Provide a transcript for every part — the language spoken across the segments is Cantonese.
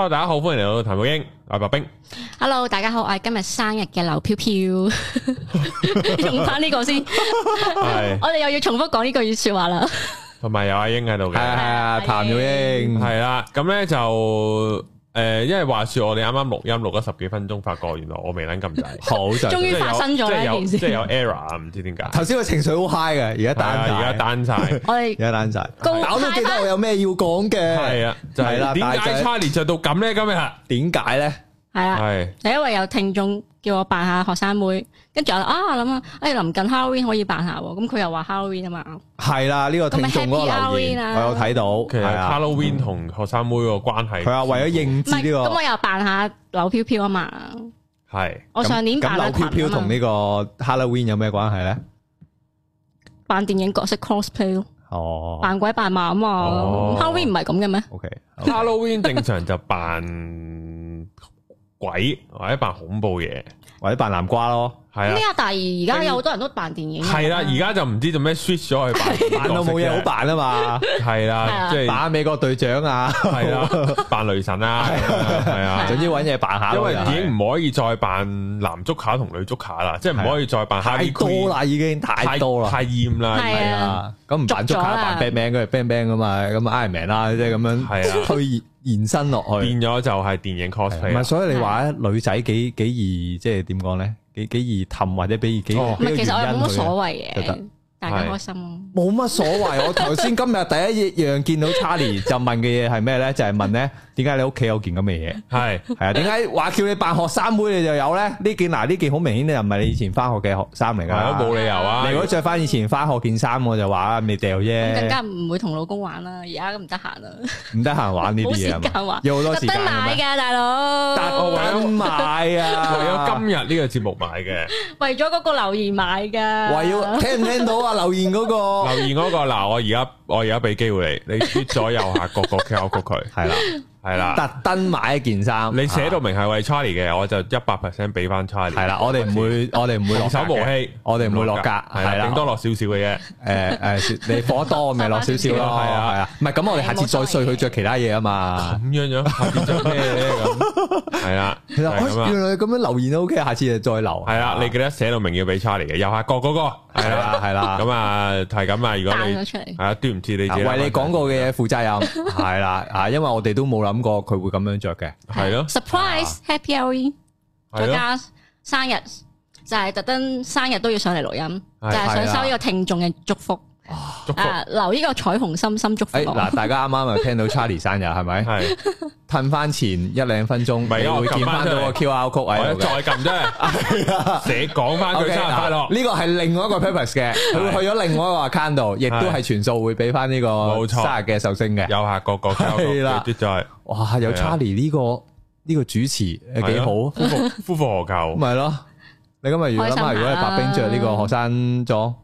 hello，大家好，歡迎嚟到談育鷹，我係白兵。hello，大家好，我係今日生日嘅劉飄飄，用返呢個先，我哋又要重複講呢句說話啦。同埋有阿英喺度嘅，係啊，談育鷹，係啦，咁咧就。誒，因為話說我哋啱啱錄音錄咗十幾分鐘，發覺原來我未撳咁滯，好就終於發生咗呢件事，即係有 error 啊，唔知點解。頭先個情緒好 high 嘅，而家 down 晒，而家 down 晒，我哋而家 down 晒。咁我都記得我有咩要講嘅，係啊，就係啦。點解 challenge 到咁咧？今日點解咧？係啊，係，第一位有聽眾叫我扮下學生妹。跟住我諗啊，哎，臨近 Halloween 可以辦下喎。咁佢又話 Halloween 啊嘛，係啦，呢個聽眾嗰個留言，我有睇到。其實 Halloween 同學生妹個關係，佢啊為咗應節呢個，咁我又扮下柳飄飄啊嘛，係。我上年扮柳飄飄同呢個 Halloween 有咩關係咧？扮電影角色 cosplay 咯，哦，扮鬼扮馬啊嘛，Halloween 唔係咁嘅咩？O K，Halloween 正常就扮鬼或者扮恐怖嘢，或者扮南瓜咯。咩啊？第二而家有好多人都扮電影。係啦，而家就唔知做咩 switch 咗去扮，扮到冇嘢好扮啊嘛。係啦，即係打美國隊長啊，係啦，扮雷神啊，係啊，總之揾嘢扮下。因為已經唔可以再扮男足卡同女足卡啦，即係唔可以再扮下。太多啦，已經太多啦，太厭啦，係啊。咁唔扮足卡扮 benben，佢 benben 嘛，咁嗌名啦，即係咁樣係啦，去延伸落去。變咗就係電影 cosplay。唔係，所以你話女仔幾幾易，即係點講咧？幾易氹或者俾自己。欣佢、哦，其實我冇乜所謂嘅，大家開心、啊，冇乜是所謂。 我頭先今日第一樣見到查 h 就問嘅嘢係咩咧？就係、是、問咧。點解你屋企有件咁嘅嘢？係係啊，點解話叫你扮學生妹你就有咧？呢件嗱，呢件好明顯你又唔係你以前翻學嘅學衫嚟噶，冇理由啊！如果着翻以前翻學件衫，我就話你掉啫。更加唔會同老公玩啦，而家都唔得閒啦，唔得閒玩呢啲嘢，冇時間玩，有好多時間買噶，大佬。但係我想買啊，為咗今日呢個節目買嘅，為咗嗰個留言買噶，為咗聽唔聽到啊？留言嗰個，留言嗰個嗱，我而家我而家俾機會你，你左右下角個敲個佢，係啦。係啦，特登買一件衫，你寫到明係為 Charlie 嘅，我就一百 percent 俾翻 Charlie。係啦，我哋唔會，我哋唔會落格嘅。童叟無欺，我哋唔會落格。係啦，頂多落少少嘅啫。誒誒，你放得多咪落少少咯。係啊係啊，唔係咁，我哋下次再碎佢着其他嘢啊嘛。咁樣樣，下邊着咩？係啦，其實我原來咁樣留言都 OK，下次又再留。係啦，你記得寫到明要俾 Charlie 嘅，又係講嗰個。係啦係啦，咁啊係咁啊，如果你係啊，斷唔斷你？為你講過嘅嘢負責任。係啦啊，因為我哋都冇諗。感覺佢會咁樣着嘅，係咯。surprise，happy 啦，再加生日，就係特登生日都要上嚟錄音，就係想收個聽眾嘅祝福。啊！留呢個彩虹心心祝福。誒，嗱，大家啱啱又聽到 Charlie 生日係咪？係褪翻前一兩分鐘，咪會見翻到個 Q R 曲啊！再撳啫，係，寫講翻佢生日快樂。呢個係另外一個 purpose 嘅，佢會去咗另外一個 account 度，亦都係全數會俾翻呢個生日嘅壽星嘅。右下角個係啦，就係哇，有 Charlie 呢個呢個主持係幾好，夫婦何求？唔係，咪咯。你今日如果諗下，如果白兵着呢個學生裝。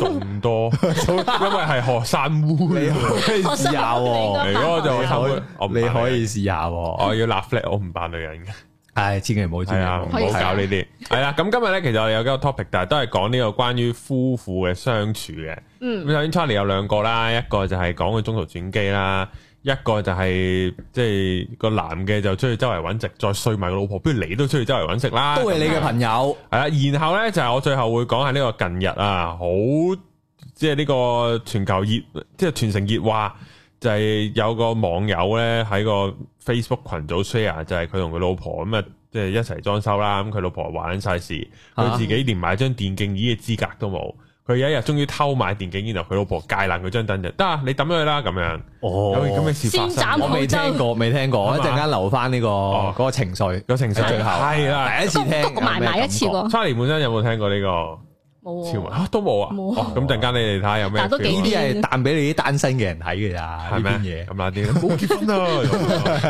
仲 多，因為係學生烏，你可以試下，嚟咗就你可以試下。我要立 flag，我唔扮女人嘅，係千祈唔好，係啊，唔好搞呢啲。係啦，咁今日咧，其實我有幾個 topic，但係都係講呢個關於夫婦嘅相處嘅。嗯，咁首先 Charlie 有兩個啦，一個就係講佢中途轉基啦。一個就係、是、即係個男嘅就出去周圍揾食，再衰埋個老婆。不如你都出去周圍揾食啦，都係你嘅朋友。係啦，然後呢，就係、是、我最後會講下呢個近日啊，好即係呢個全球熱，即係全城熱話就係、是、有個網友呢喺個 Facebook 群組 share 就係佢同佢老婆咁啊，即、嗯、係、就是、一齊裝修啦。咁佢老婆玩晒事，佢自己連買張電競椅嘅資格都冇。佢有一日終於偷買電競，然後佢老婆戒爛佢張凳就得啊，你抌咗佢啦咁樣。哦，咁嘅事我未聽過，未聽過。嗎一陣間留翻呢、這個嗰、哦、情緒，個情緒最後係啦，的第一次聽，埋埋一次過。Charlie 本身有冇聽過呢個？冇啊，都冇啊，咁陣間你哋睇下有咩？但係都幾啲係彈俾你啲單身嘅人睇嘅咋，係咪？嘢咁難啲，冇結婚啊，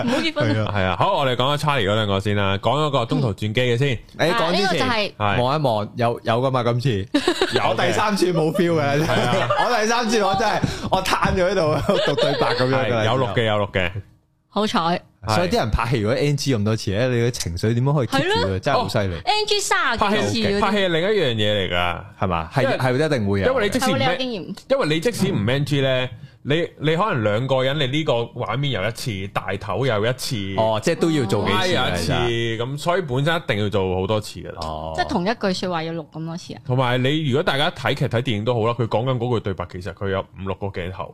冇結婚啊，係啊，好，我哋講下 Charlie 嗰兩個先啦，講咗個中途轉基嘅先，你講之前望一望有有噶嘛？今次有第三次冇 feel 嘅，我第三次我真係我攤咗喺度讀對白咁樣嘅，有錄嘅，有錄嘅。好彩，所以啲人拍戲如果 NG 咁多次咧，你嘅情緒點樣可以接咯？真係好犀利。NG 卅幾次，拍戲係另一樣嘢嚟噶，係嘛？係係一定會有，因為你即使因為你即使唔 NG 咧，你你可能兩個人你呢個畫面又一次，大頭又一次，哦，即係都要做幾次，一次咁，所以本身一定要做好多次噶啦。哦，即係同一句說話要錄咁多次啊。同埋你如果大家睇劇睇電影都好啦，佢講緊嗰句對白，其實佢有五六個鏡頭。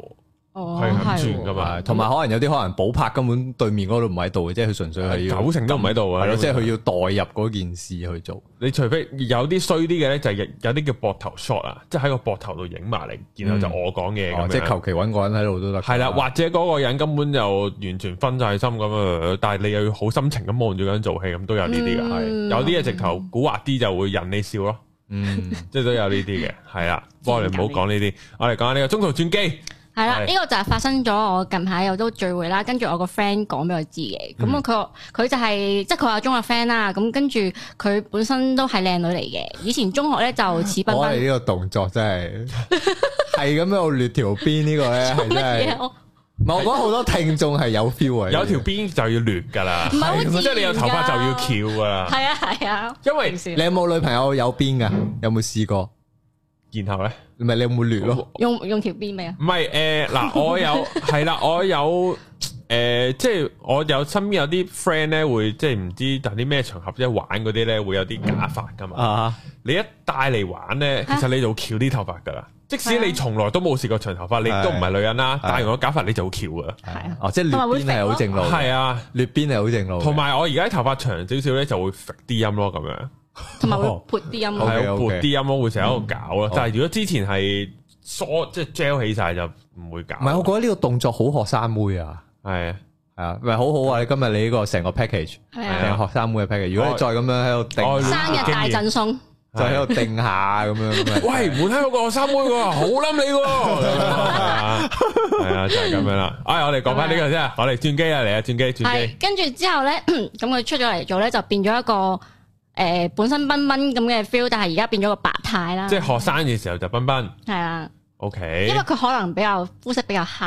係咁轉噶嘛，同埋可能有啲可能補拍根本對面嗰度唔喺度嘅，即係佢純粹係九成都唔喺度嘅，係咯的，即係佢要代入嗰件事去做。你除非有啲衰啲嘅咧，就係有啲叫膊頭 shot 啊，即係喺個膊頭度影埋嚟，然後就我講嘢咁，即係求其搵個人喺度都得。係啦，或者嗰個人根本就完全分晒心咁啊，但係你又要好心情咁望住佢做戲咁，都有呢啲嘅，係、嗯、有啲嘢直頭古惑啲就會引你笑咯，嗯，即係都有呢啲嘅，係啦，不過你唔好講呢啲，我哋講下呢個中途轉基。係啦，呢的個就係發生咗。我近排我都聚會啦，跟住我個 friend 講俾我知嘅。咁佢佢就係即係佢話中學 friend 啦。咁跟住佢本身都係靚女嚟嘅。以前中學咧就似斌斌呢個動作真係係咁樣條邊、這個、我亂條邊呢個咧係咩唔係我講好多聽眾係有 feel 嘅， 有條邊就要亂噶啦。唔係即係你有頭髮就要翹噶啦。係啊係啊，啊啊因為你有冇女朋友有邊噶？ 有冇試過？然後咧，唔係你有冇捋咯？用用條辮咩啊？唔係誒，嗱我有係啦，我有誒、呃，即係我有身邊有啲 friend 咧，會即係唔知，但啲咩場合即係玩嗰啲咧，會有啲假髮噶嘛。嗯啊、你一帶嚟玩咧，其實你就會翹啲頭髮噶啦。啊、即使你從來都冇試過長頭髮，啊、你都唔係女人啦。帶完個假髮，你就會翹噶。係啊，哦，即係捋邊係好正路。係啊，捋邊係好正路。同埋我而家頭髮長少少咧，就會甩啲音咯，咁樣。同埋會撥啲音，係撥啲音，我會成日喺度搞啦。但係如果之前係梳，即係 gel 起晒就唔會搞。唔係，我覺得呢個動作好學生妹啊，係啊係啊，咪好好啊！你今日你呢個成個 package 係學生妹嘅 package。如果你再咁樣喺度定生日大贈送，就喺度定下咁樣。喂，換下嗰個學生妹喎，好冧你喎，係啊，就係咁樣啦。哎，我哋講翻呢個先啊，我哋轉機啦，嚟啊，轉機轉機。跟住之後咧，咁佢出咗嚟做咧，就變咗一個。誒，本身彬彬咁嘅 feel，但係而家變咗個白太啦。即係學生嘅時候就彬彬，係啊。O K。因為佢可能比較膚色比較黑，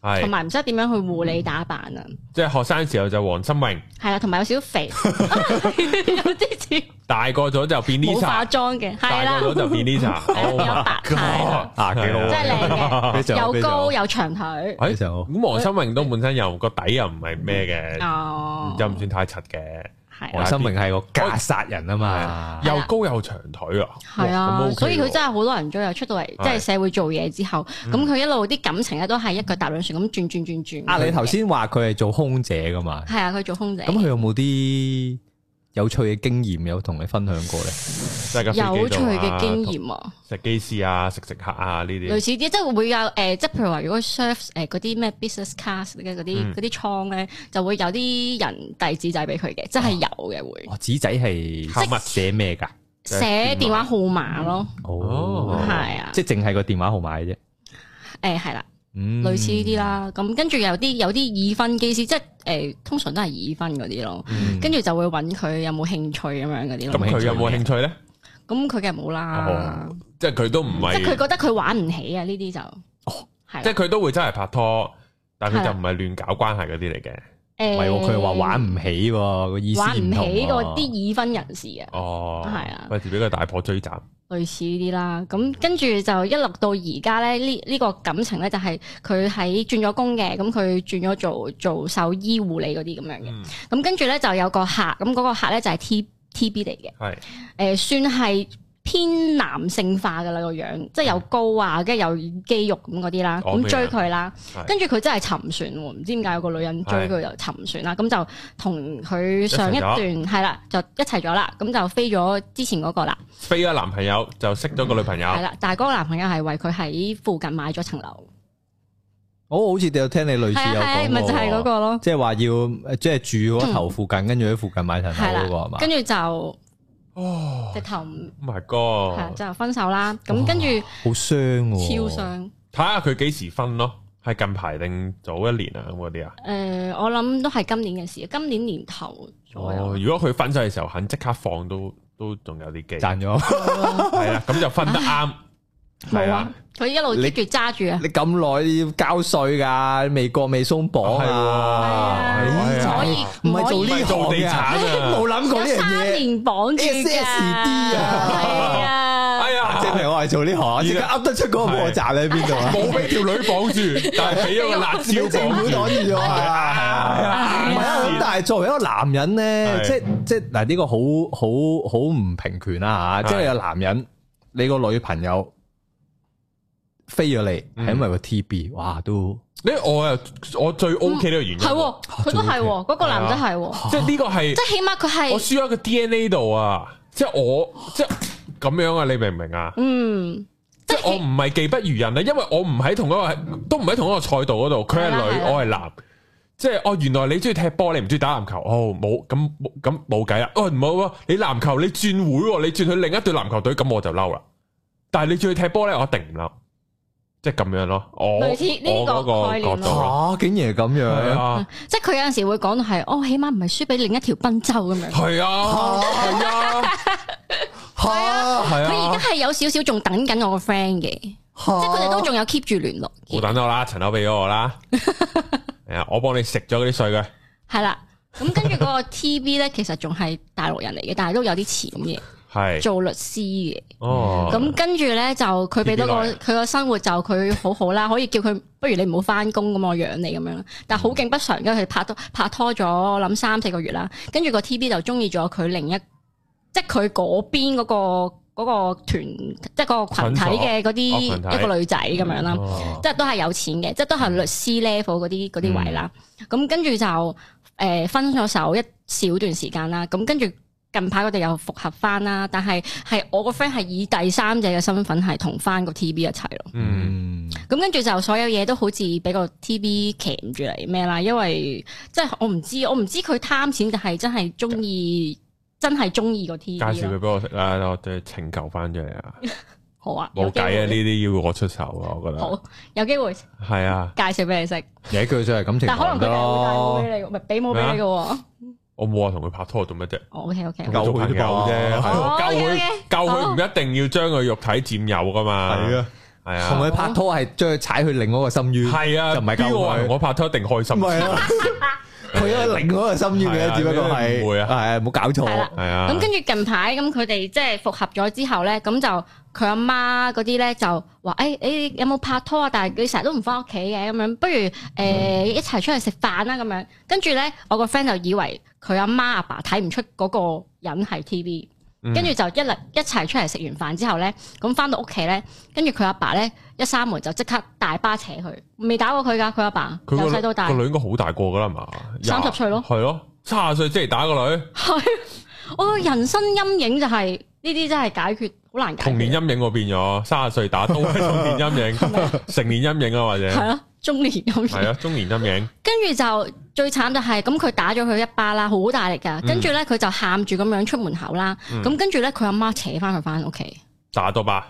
係同埋唔識點樣去護理打扮啊。即係學生嘅時候就黃心穎。係啦，同埋有少少肥，有啲似。大個咗就變呢層。化妝嘅，係啦。大個咗就變呢層，變咗白太啦，啊幾好啊，真係靚嘅，又高又長腿。哎，就咁黃心穎都本身又個底又唔係咩嘅，又唔算太柒嘅。黃心明係個假殺人啊嘛，啊又高又長腿啊，係啊，以所以佢真係好多人追啊。出到嚟即係社會做嘢之後，咁佢、啊、一路啲感情咧都係一腳踏兩船咁轉轉轉轉。啊，你頭先話佢係做空姐㗎嘛？係啊，佢做空姐。咁佢有冇啲？有趣嘅經驗有同你分享過咧，有趣嘅經驗啊，食機師啊，食食客啊呢啲，類似啲即係會有誒、呃，即係譬如話如果 serve 誒、呃、嗰啲咩 business class 嘅嗰啲啲倉咧，就會有啲人遞紙仔俾佢嘅，即係有嘅會、哦。紙仔係即係寫咩㗎？寫電話號碼咯。哦，係啊，即係淨係個電話號碼啫。誒係啦，嗯、類似呢啲啦。咁跟住有啲有啲已婚機師即係。即誒、欸、通常都係已婚嗰啲咯，跟住、嗯、就會揾佢有冇興趣咁樣嗰啲咯。咁佢有冇興趣咧？咁佢梗係冇啦，即係佢都唔係。即係佢覺得佢玩唔起啊！呢啲就，係、哦、的即係佢都會真係拍拖，但係佢就唔係亂搞關係嗰啲嚟嘅。唔係喎，佢係話玩唔起喎、啊，個意玩唔起個啲已婚人士啊，係啊、哦，喂，俾個大婆追襲。類似呢啲啦，咁跟住就一落到而家咧，呢、這、呢個感情咧就係佢喺轉咗工嘅，咁佢轉咗做做獸醫護理嗰啲咁樣嘅，咁跟住咧就有個客，咁、那、嗰個客咧就係 T T B 嚟嘅，係是，誒算係。偏男性化噶啦，個樣，即係又高啊，跟住又肌肉咁嗰啲啦，咁追佢啦，跟住佢真係沉船，唔知點解有個女人追佢又沉船啦，咁就同佢上一段係啦，就一齊咗啦，咁就飛咗之前嗰個啦，飛咗男朋友就識咗個女朋友，係啦，但係嗰個男朋友係為佢喺附近買咗層樓，我好似有聽你類似有講，咪就係嗰個咯，即係話要即係住個頭附近，跟住喺附近買層樓嗰個係嘛，跟住就。直、哦、頭唔不，唔係哥，係就分手啦。咁跟住好傷、哦，超傷傷。睇下佢幾時分咯，係近排定早一年啊？咁嗰啲啊？誒、呃，我諗都係今年嘅事，今年年頭。哦，如果佢分手嘅時候肯即刻放都，都都仲有啲機會賺咗。係啊，咁就分得啱。冇啊！佢一路拎住揸住啊！你咁耐要交稅噶，未過未鬆綁啊！所以唔係做呢行地產，冇諗過呢樣嘢。有三年綁住嘅。係啊！哎呀，正平我係做呢行，即刻噏得出嗰個破綻喺邊度啊！冇俾條女綁住，但係俾個辣椒綁住咗。係啊係啊！唔係啊，咁但係作為一個男人咧，即即嗱呢個好好好唔平權啦吓，即係有男人你個女朋友。飛咗你，係因為個 T B，哇都呢我啊，我最 O K 呢個原因係，佢都係嗰個男都係，即係呢個係，即係起碼佢係我輸喺個 D N A 度啊，即係我即係咁樣啊，你明唔明啊？嗯，即係我唔係技不如人啊，因為我唔喺同一個，都唔喺同一個賽道嗰度。佢係女，我係男，即係哦。原來你中意踢波，你唔中意打籃球哦？冇咁咁冇計啦。哦唔好啊，你籃球你轉會，你轉去另一隊籃球隊，咁我就嬲啦。但係你轉去踢波咧，我一定唔嬲。即係咁樣咯，我類似呢個我嗰個吓竟、啊、然係咁樣，即係佢有陣時會講到係，哦，起碼唔係輸俾另一條賓州咁樣，係啊，係 啊，佢而家係有少少仲等緊我個 friend 嘅，即係佢哋都仲有 keep 住聯絡。等我啦，陳歐俾咗我啦，誒， 我幫你食咗嗰啲稅嘅，係 啦、啊，咁跟住個 TV 咧，其實仲係大陸人嚟嘅，但係都有啲錢嘅。係是做律師嘅，咁、哦、跟住咧就佢俾多個佢個 TV 生活就佢好好啦， 可以叫佢，不如你唔好翻工咁，我養你咁樣。但好景不常，跟住佢拍拖拍拖咗，我諗三四個月啦。跟住個 TV 就中意咗佢另一，即係佢嗰邊嗰個嗰、嗰個團，即、嗰、係個群體嘅嗰啲一個女仔咁樣啦，即係都係有錢嘅，即係都係律師 level 嗰啲啲位啦。咁跟住就誒、呃、分咗手一小段時間啦。咁跟住。近排我哋又復合翻啦，但係係我個 friend 係以第三者嘅身份係同翻個 TV 一齊咯。嗯，咁跟住就所有嘢都好似俾個 TV 騎住嚟咩啦，因為即係我唔知，我唔知佢貪錢定係真係中意，真係中意個 TV。介紹佢俾我食啦，啊，我哋拯救翻咗你啊！ 好啊，冇計啊，呢啲要我出手啊！我覺得好有機會。係啊，介紹俾你食。有一句真係感情，但可能佢哋會帶帽俾你，唔係俾你嘅喎。我冇話同佢拍拖 okay, okay, okay, 做乜啫、哦，我救、哦、OK OK，救佢啲救啫，救佢救佢唔一定要將佢肉體佔有㗎嘛，係啊係啊，同佢拍拖係將佢踩去另外一個深淵，係啊，就唔係救佢，我拍拖一定開心。 佢有另外一個心願嘅，啊、只不過係唔會啊，係啊，冇搞錯。係啦、啊，咁跟住近排咁佢哋即係復合咗之後咧，咁就佢阿媽嗰啲咧就話，誒、欸，你有冇拍拖啊？但係佢成日都唔返屋企嘅，咁樣不如誒、欸、一齊出去食飯啦，咁樣。跟住咧，我個 friend 就以為佢阿媽阿爸睇唔出嗰個人係 TV。跟住、嗯、就一嚟一齊出嚟食完飯之後咧，咁翻到屋企咧，跟住佢阿爸咧一閂門就即刻大巴扯佢，未打過佢噶，佢阿爸，爸。佢個的女應該好大個噶啦，係嘛？三十歲咯。係咯，三十歲即係打個女。係、啊，我人生陰影就係呢啲真係解決，好難解決。童年陰影，我變咗三十歲打都係童年陰影， 嗎成年陰影啊或者。中年咁，係啊，中年陰影。跟住就最慘就係咁，佢打咗佢一巴啦，好大力噶。跟住咧，佢就喊住咁樣出門口啦。咁跟住咧，佢阿媽扯翻佢翻屋企。打多巴？誒、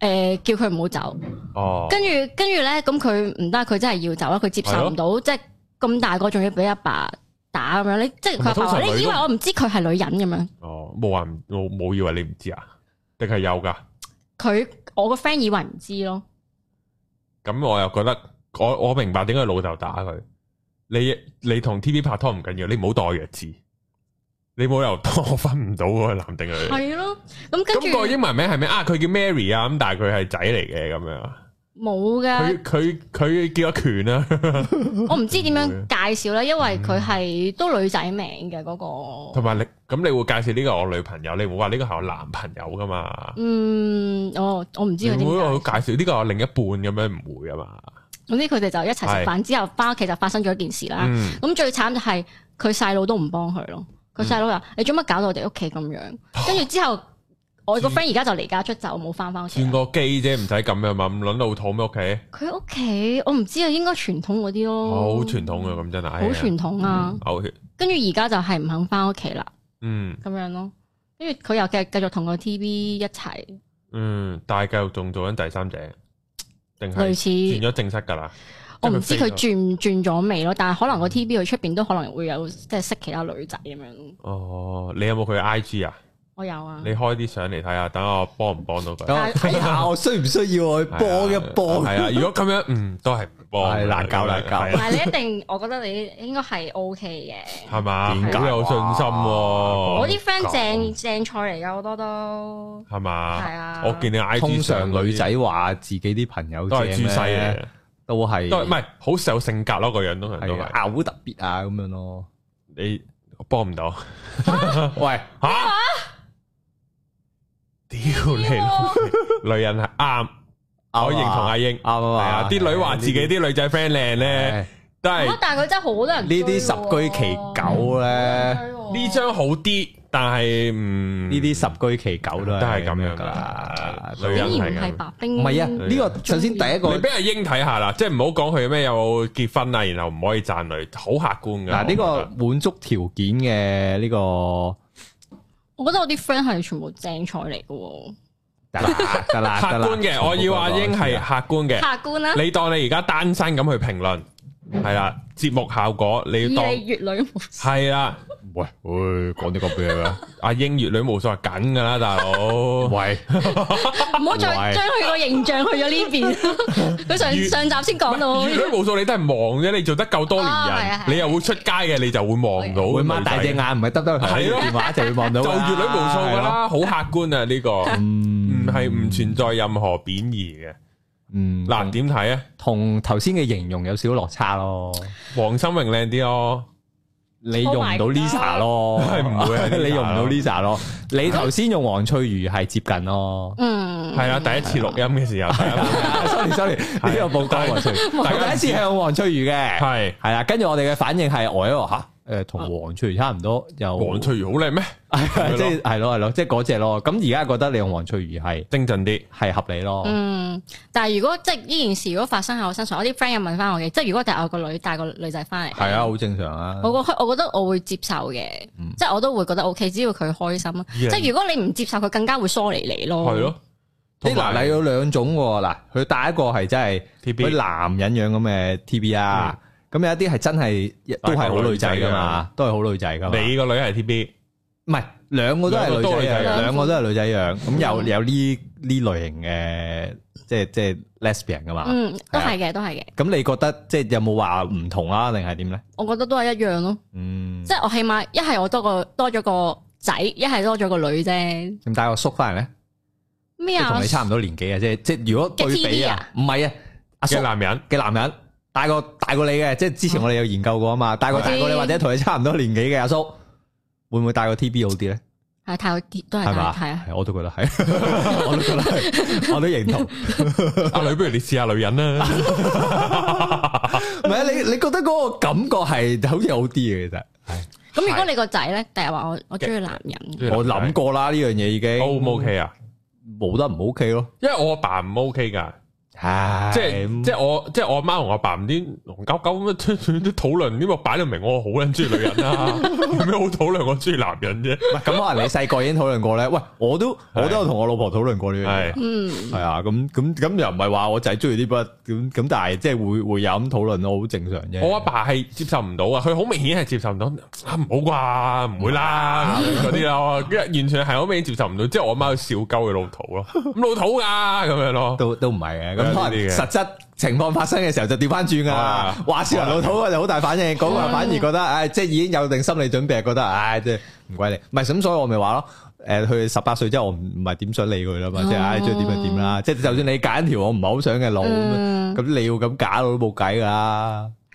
呃，叫佢唔好走。哦。跟住，跟住咧，咁佢唔得，佢真係要走啦。佢接受唔到的，即係咁大個，仲要俾阿爸打咁樣。你即係佢你以為我唔知佢係女人咁樣？哦，冇話，我冇以為你唔知啊？定係有噶？佢我個 friend 以為唔知咯。咁我又覺得。我我明白點解老豆打佢，你你同 TV 拍拖唔緊要，你唔好代我弱智。你冇由我分唔到個男定女。係咯，咁跟住個英文名係咩啊？佢叫 Mary 啊，咁但係佢係仔嚟嘅咁樣，冇嘅。佢佢佢叫阿權啊， 我唔知點樣介紹咧， 因為佢係、嗯、都女仔名嘅嗰、那個。同埋你咁你會介紹呢個我女朋友，你會話呢個係我男朋友噶嘛？嗯，我我唔知你會介紹呢個我另一半咁樣唔會啊嘛。總之佢哋就一齊食飯之後翻屋企就發生咗一件事啦。咁、嗯、最慘就係佢細佬都唔幫佢咯。佢細佬又：「你做乜搞到我哋屋企咁樣？」跟住之後我個 friend 而家就離家出走，冇翻翻屋企。轉個基啫，唔使咁樣嘛，唔捻到好妥咩屋企？佢屋企我唔知啊，應該傳統嗰啲咯。好傳統啊，咁真係。好傳統啊。跟住而家就係唔肯翻屋企啦。嗯。咁樣咯。跟住佢又繼繼續同個 TV 一齊。嗯，但係繼續仲做緊第三者。定係轉咗正式噶啦，我唔知佢轉唔轉咗未咯，但係可能個 T.V. 佢出邊都可能會有，即係識其他女仔咁樣。哦，你有冇佢 I.G. 啊？我有啊，你開啲相嚟睇下，等我幫唔幫到佢，等睇下我需唔需要去幫一幫，係啊，如果咁樣嗯都係唔幫，難教難教，唔係你一定，我覺得你應該係 OK 嘅係嘛，好有信心。我啲 friend 正正菜嚟噶好多都係嘛，係啊。我見你 IG 上通常女仔話自己啲朋友都係注西嘅，都係都係唔係好有性格咯，個樣都係啊好特別啊咁樣咯，你幫唔到？喂吓！屌你！女人係啱，我認同阿英啱啊！係啊，啲女話自己啲女仔 friend 靚咧，都係。啊！但係佢真係好多人呢啲十居其九咧，呢張好啲，但係嗯呢啲十居其九都都係咁樣噶啦。女人係白冰，唔係啊！呢個首先第一個，你俾阿英睇下啦，即係唔好講佢咩有結婚啊，然後唔可以讚女，好客觀噶。嗱，呢個滿足條件嘅呢個。我覺得我啲 friend 係全部正菜嚟㗎。哦，得啦得啦，啦啦 客觀嘅，我要阿鷹係客觀嘅，客觀啦，你當你而家單身咁去評論，係啦，嗯，節目效果你要當你約女，係啦。喂，講啲咁嘅嘢啦，阿英閱女無數係梗噶啦，大佬。喂，唔好再將佢個形象去咗呢邊。佢上上集先講到。閱女無數，你都係望啫，你做得夠多年人，你又會出街嘅，你就會望到。佢擘大隻眼唔係得得，係。係啊，電話一齊會望到。就閱女無數噶啦，好客觀啊，呢個唔係唔存在任何貶義嘅。嗯，嗱，點睇啊？同頭先嘅形容有少少落差咯。黃心穎靚啲咯。你用唔到 Lisa 咯，係唔會你用唔到 Lisa 咯， 你頭先用黃翠如係接近咯， 嗯，係啊，第一次錄音嘅時候，sorry sorry，呢、 啊、個曝光黃翠如， 但第一次係用黃翠如嘅，係係 啊，跟住、啊、我哋嘅反應係呆喎嚇。誒，同黃翠如差唔多，又黃翠如好靚咩？即係係咯係咯，即係嗰隻咯。咁而家覺得你用黃翠如係精進啲，係合理咯。嗯，但係如果即係呢件事如果發生喺我身上，我啲 friend 又問翻我嘅，即係如果第日我個女帶個女仔翻嚟，係啊，好正常啊。我覺我覺得我會接受嘅，即係我都會覺得 O K，只要佢開心。即係如果你唔接受佢，更加會疏離你咯。係咯，啲男仔有兩種喎。嗱，佢第一個係真係，佢男人樣咁嘅 T B 啊。咁有一啲係真係都係好女仔噶嘛，都係好女仔噶。你個女係 TB，唔係兩個都係女仔，兩個都係女仔一樣。咁有有呢呢類型嘅，即係即係 lesbian 噶嘛。嗯，都係嘅，都係嘅。咁你覺得即係有冇話唔同啊，定係點咧？我覺得都係一樣咯。嗯，即係我起碼一係我多個多咗個仔，一係多咗個女啫。咁帶個叔翻嚟咧？咩啊？同你差唔多年紀啊？即係即係如果對比啊？唔係啊，阿叔，嘅男人嘅男人。大個大過你嘅，即係之前我哋有研究過啊嘛，大個大過你或者同你差唔多年紀嘅阿叔，會唔會大個 T B 好啲咧？係大過啲，都係。係啊！我都覺得係，我都覺得係，我都認同。阿女，不如你試下女人啦。唔係啊，你你覺得嗰個感覺係好似好啲嘅其實。咁是如果你個仔咧，定係話我我中意男人？我諗過啦呢樣嘢已經。O 唔 OK 啊？冇得唔 OK 咯，因為我阿爸唔 OK 噶即係即係我即係我阿媽同我阿爸唔啲戇鳩鳩咁樣討論，唔知咪擺到明我好撚中意女人啦。有咩好討論？我中意男人啫。咁可能你細個已經討論過咧。喂，我都我都有同我老婆討論過呢樣嘢。係啊，咁咁咁又唔係話我仔中意啲筆咁咁，但係即係會會有咁討論，我好正常啫。我阿爸係接受唔到啊，佢好明顯係接受唔到啊，唔好啩，唔會啦啲咯，完全係好明顯接受唔到。即係我阿媽笑鳩佢老土咯，咁老土㗎咁樣咯，都都唔係嘅。可能實質情況發生嘅時候就調翻轉噶啦，話笑人老土我、啊、就好大反應，嗰個、啊、說反而覺得，唉、啊，哎、即係已經有定心理準備，覺得，唉、哎，即係唔怪你，唔係咁，所以我咪話咯，誒、呃，佢十八歲之後我，我唔唔係點想理佢啦嘛，即係，唉、啊，中意點就點啦，即係就算你揀條我唔係好想嘅路，咁、啊嗯、你要咁揀我都冇計噶。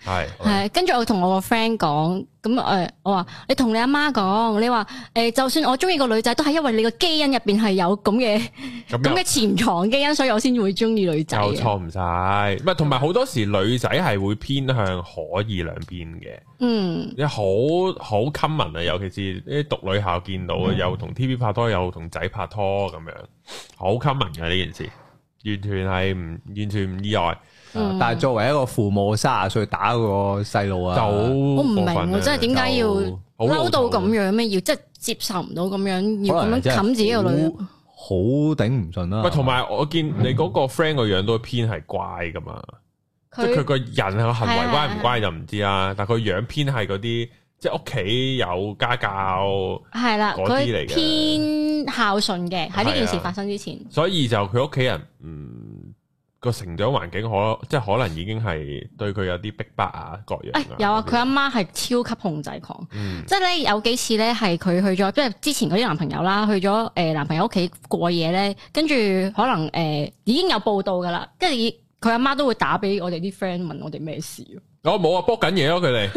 係係，我跟住我同我個 friend 講，咁誒，我話你同你阿媽講，你話誒、呃，就算我中意個女仔，都係因為你個基因入邊係有咁嘅咁嘅潛藏基因，所以我先會中意女仔。有錯唔晒，係同埋好多時女仔係會偏向可以兩邊嘅。嗯，你好好 common 啊，尤其是啲讀女校見到，又同、嗯、TV 拍拖，又同仔拍拖咁樣，好 common 嘅呢件事。完全係唔完全唔意外，嗯、但係作為一個父母，卅歲打個細路啊，就很嗯、我唔明，嗯、真係點解要嬲就到咁樣咩？要即係接受唔到咁樣，要咁樣冚自己個女，好頂唔順啦。唔同埋我見你嗰個 friend 個樣都偏係怪噶嘛，嗯、即係佢個人啊他行為乖唔乖就唔知啦，但係佢樣偏係嗰啲。即係屋企有家教，係啦啲嚟嘅，佢偏孝順嘅。喺呢件事發生之前，所以就佢屋企人，嗯，個成長環境可，即係可能已經係對佢有啲逼迫,迫啊各樣。誒，有啊，佢阿媽係超級控制狂。嗯、即係咧，有幾次咧，係佢去咗，即係之前嗰啲男朋友啦，去咗誒男朋友屋企過夜咧，跟住可能誒、呃、已經有報道噶啦，跟住佢阿媽都會打俾我哋啲 friend 問我哋咩事。我冇、哦、啊，煲緊嘢咯，佢哋。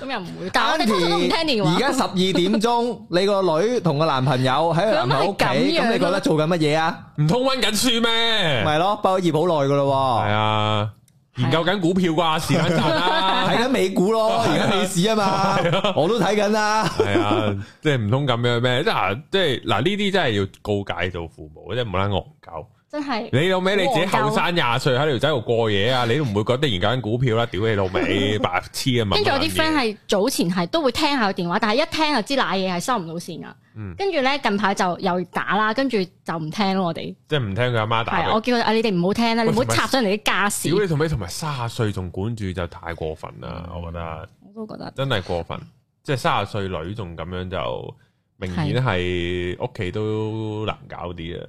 咁又唔會？而家十二點鐘， 你個女同個男朋友喺佢男朋友屋企，咁你覺得做緊乜嘢啊？唔通溫緊書咩？咪咯，畢業好耐噶咯，係啊，研究緊股票啩？是唔是啊？睇緊 美股咯，而家起市啊嘛， 我都睇緊啦。係啊， 即係唔通咁樣咩？即係嗱呢啲真係要告誡做父母，即係唔好拉我教。真係你老尾，你自己後生廿歲喺條仔度過夜啊，你都唔會覺得突然搞緊股票啦，屌你老尾白痴啊嘛！跟住我啲 friend 係早前係都會聽下電話，但係一聽就知瀨嘢係收唔到線噶。嗯，跟住咧近排就又打啦，跟住就唔聽咯。我哋即係唔聽佢阿媽打。我叫佢你哋唔好聽啦，你唔好插上嚟啲家事。屌你老尾，同埋卅歲仲管住就太過分啦，我覺得我都覺得真係過分，即係卅歲女仲咁樣就明顯係屋企都難搞啲啊！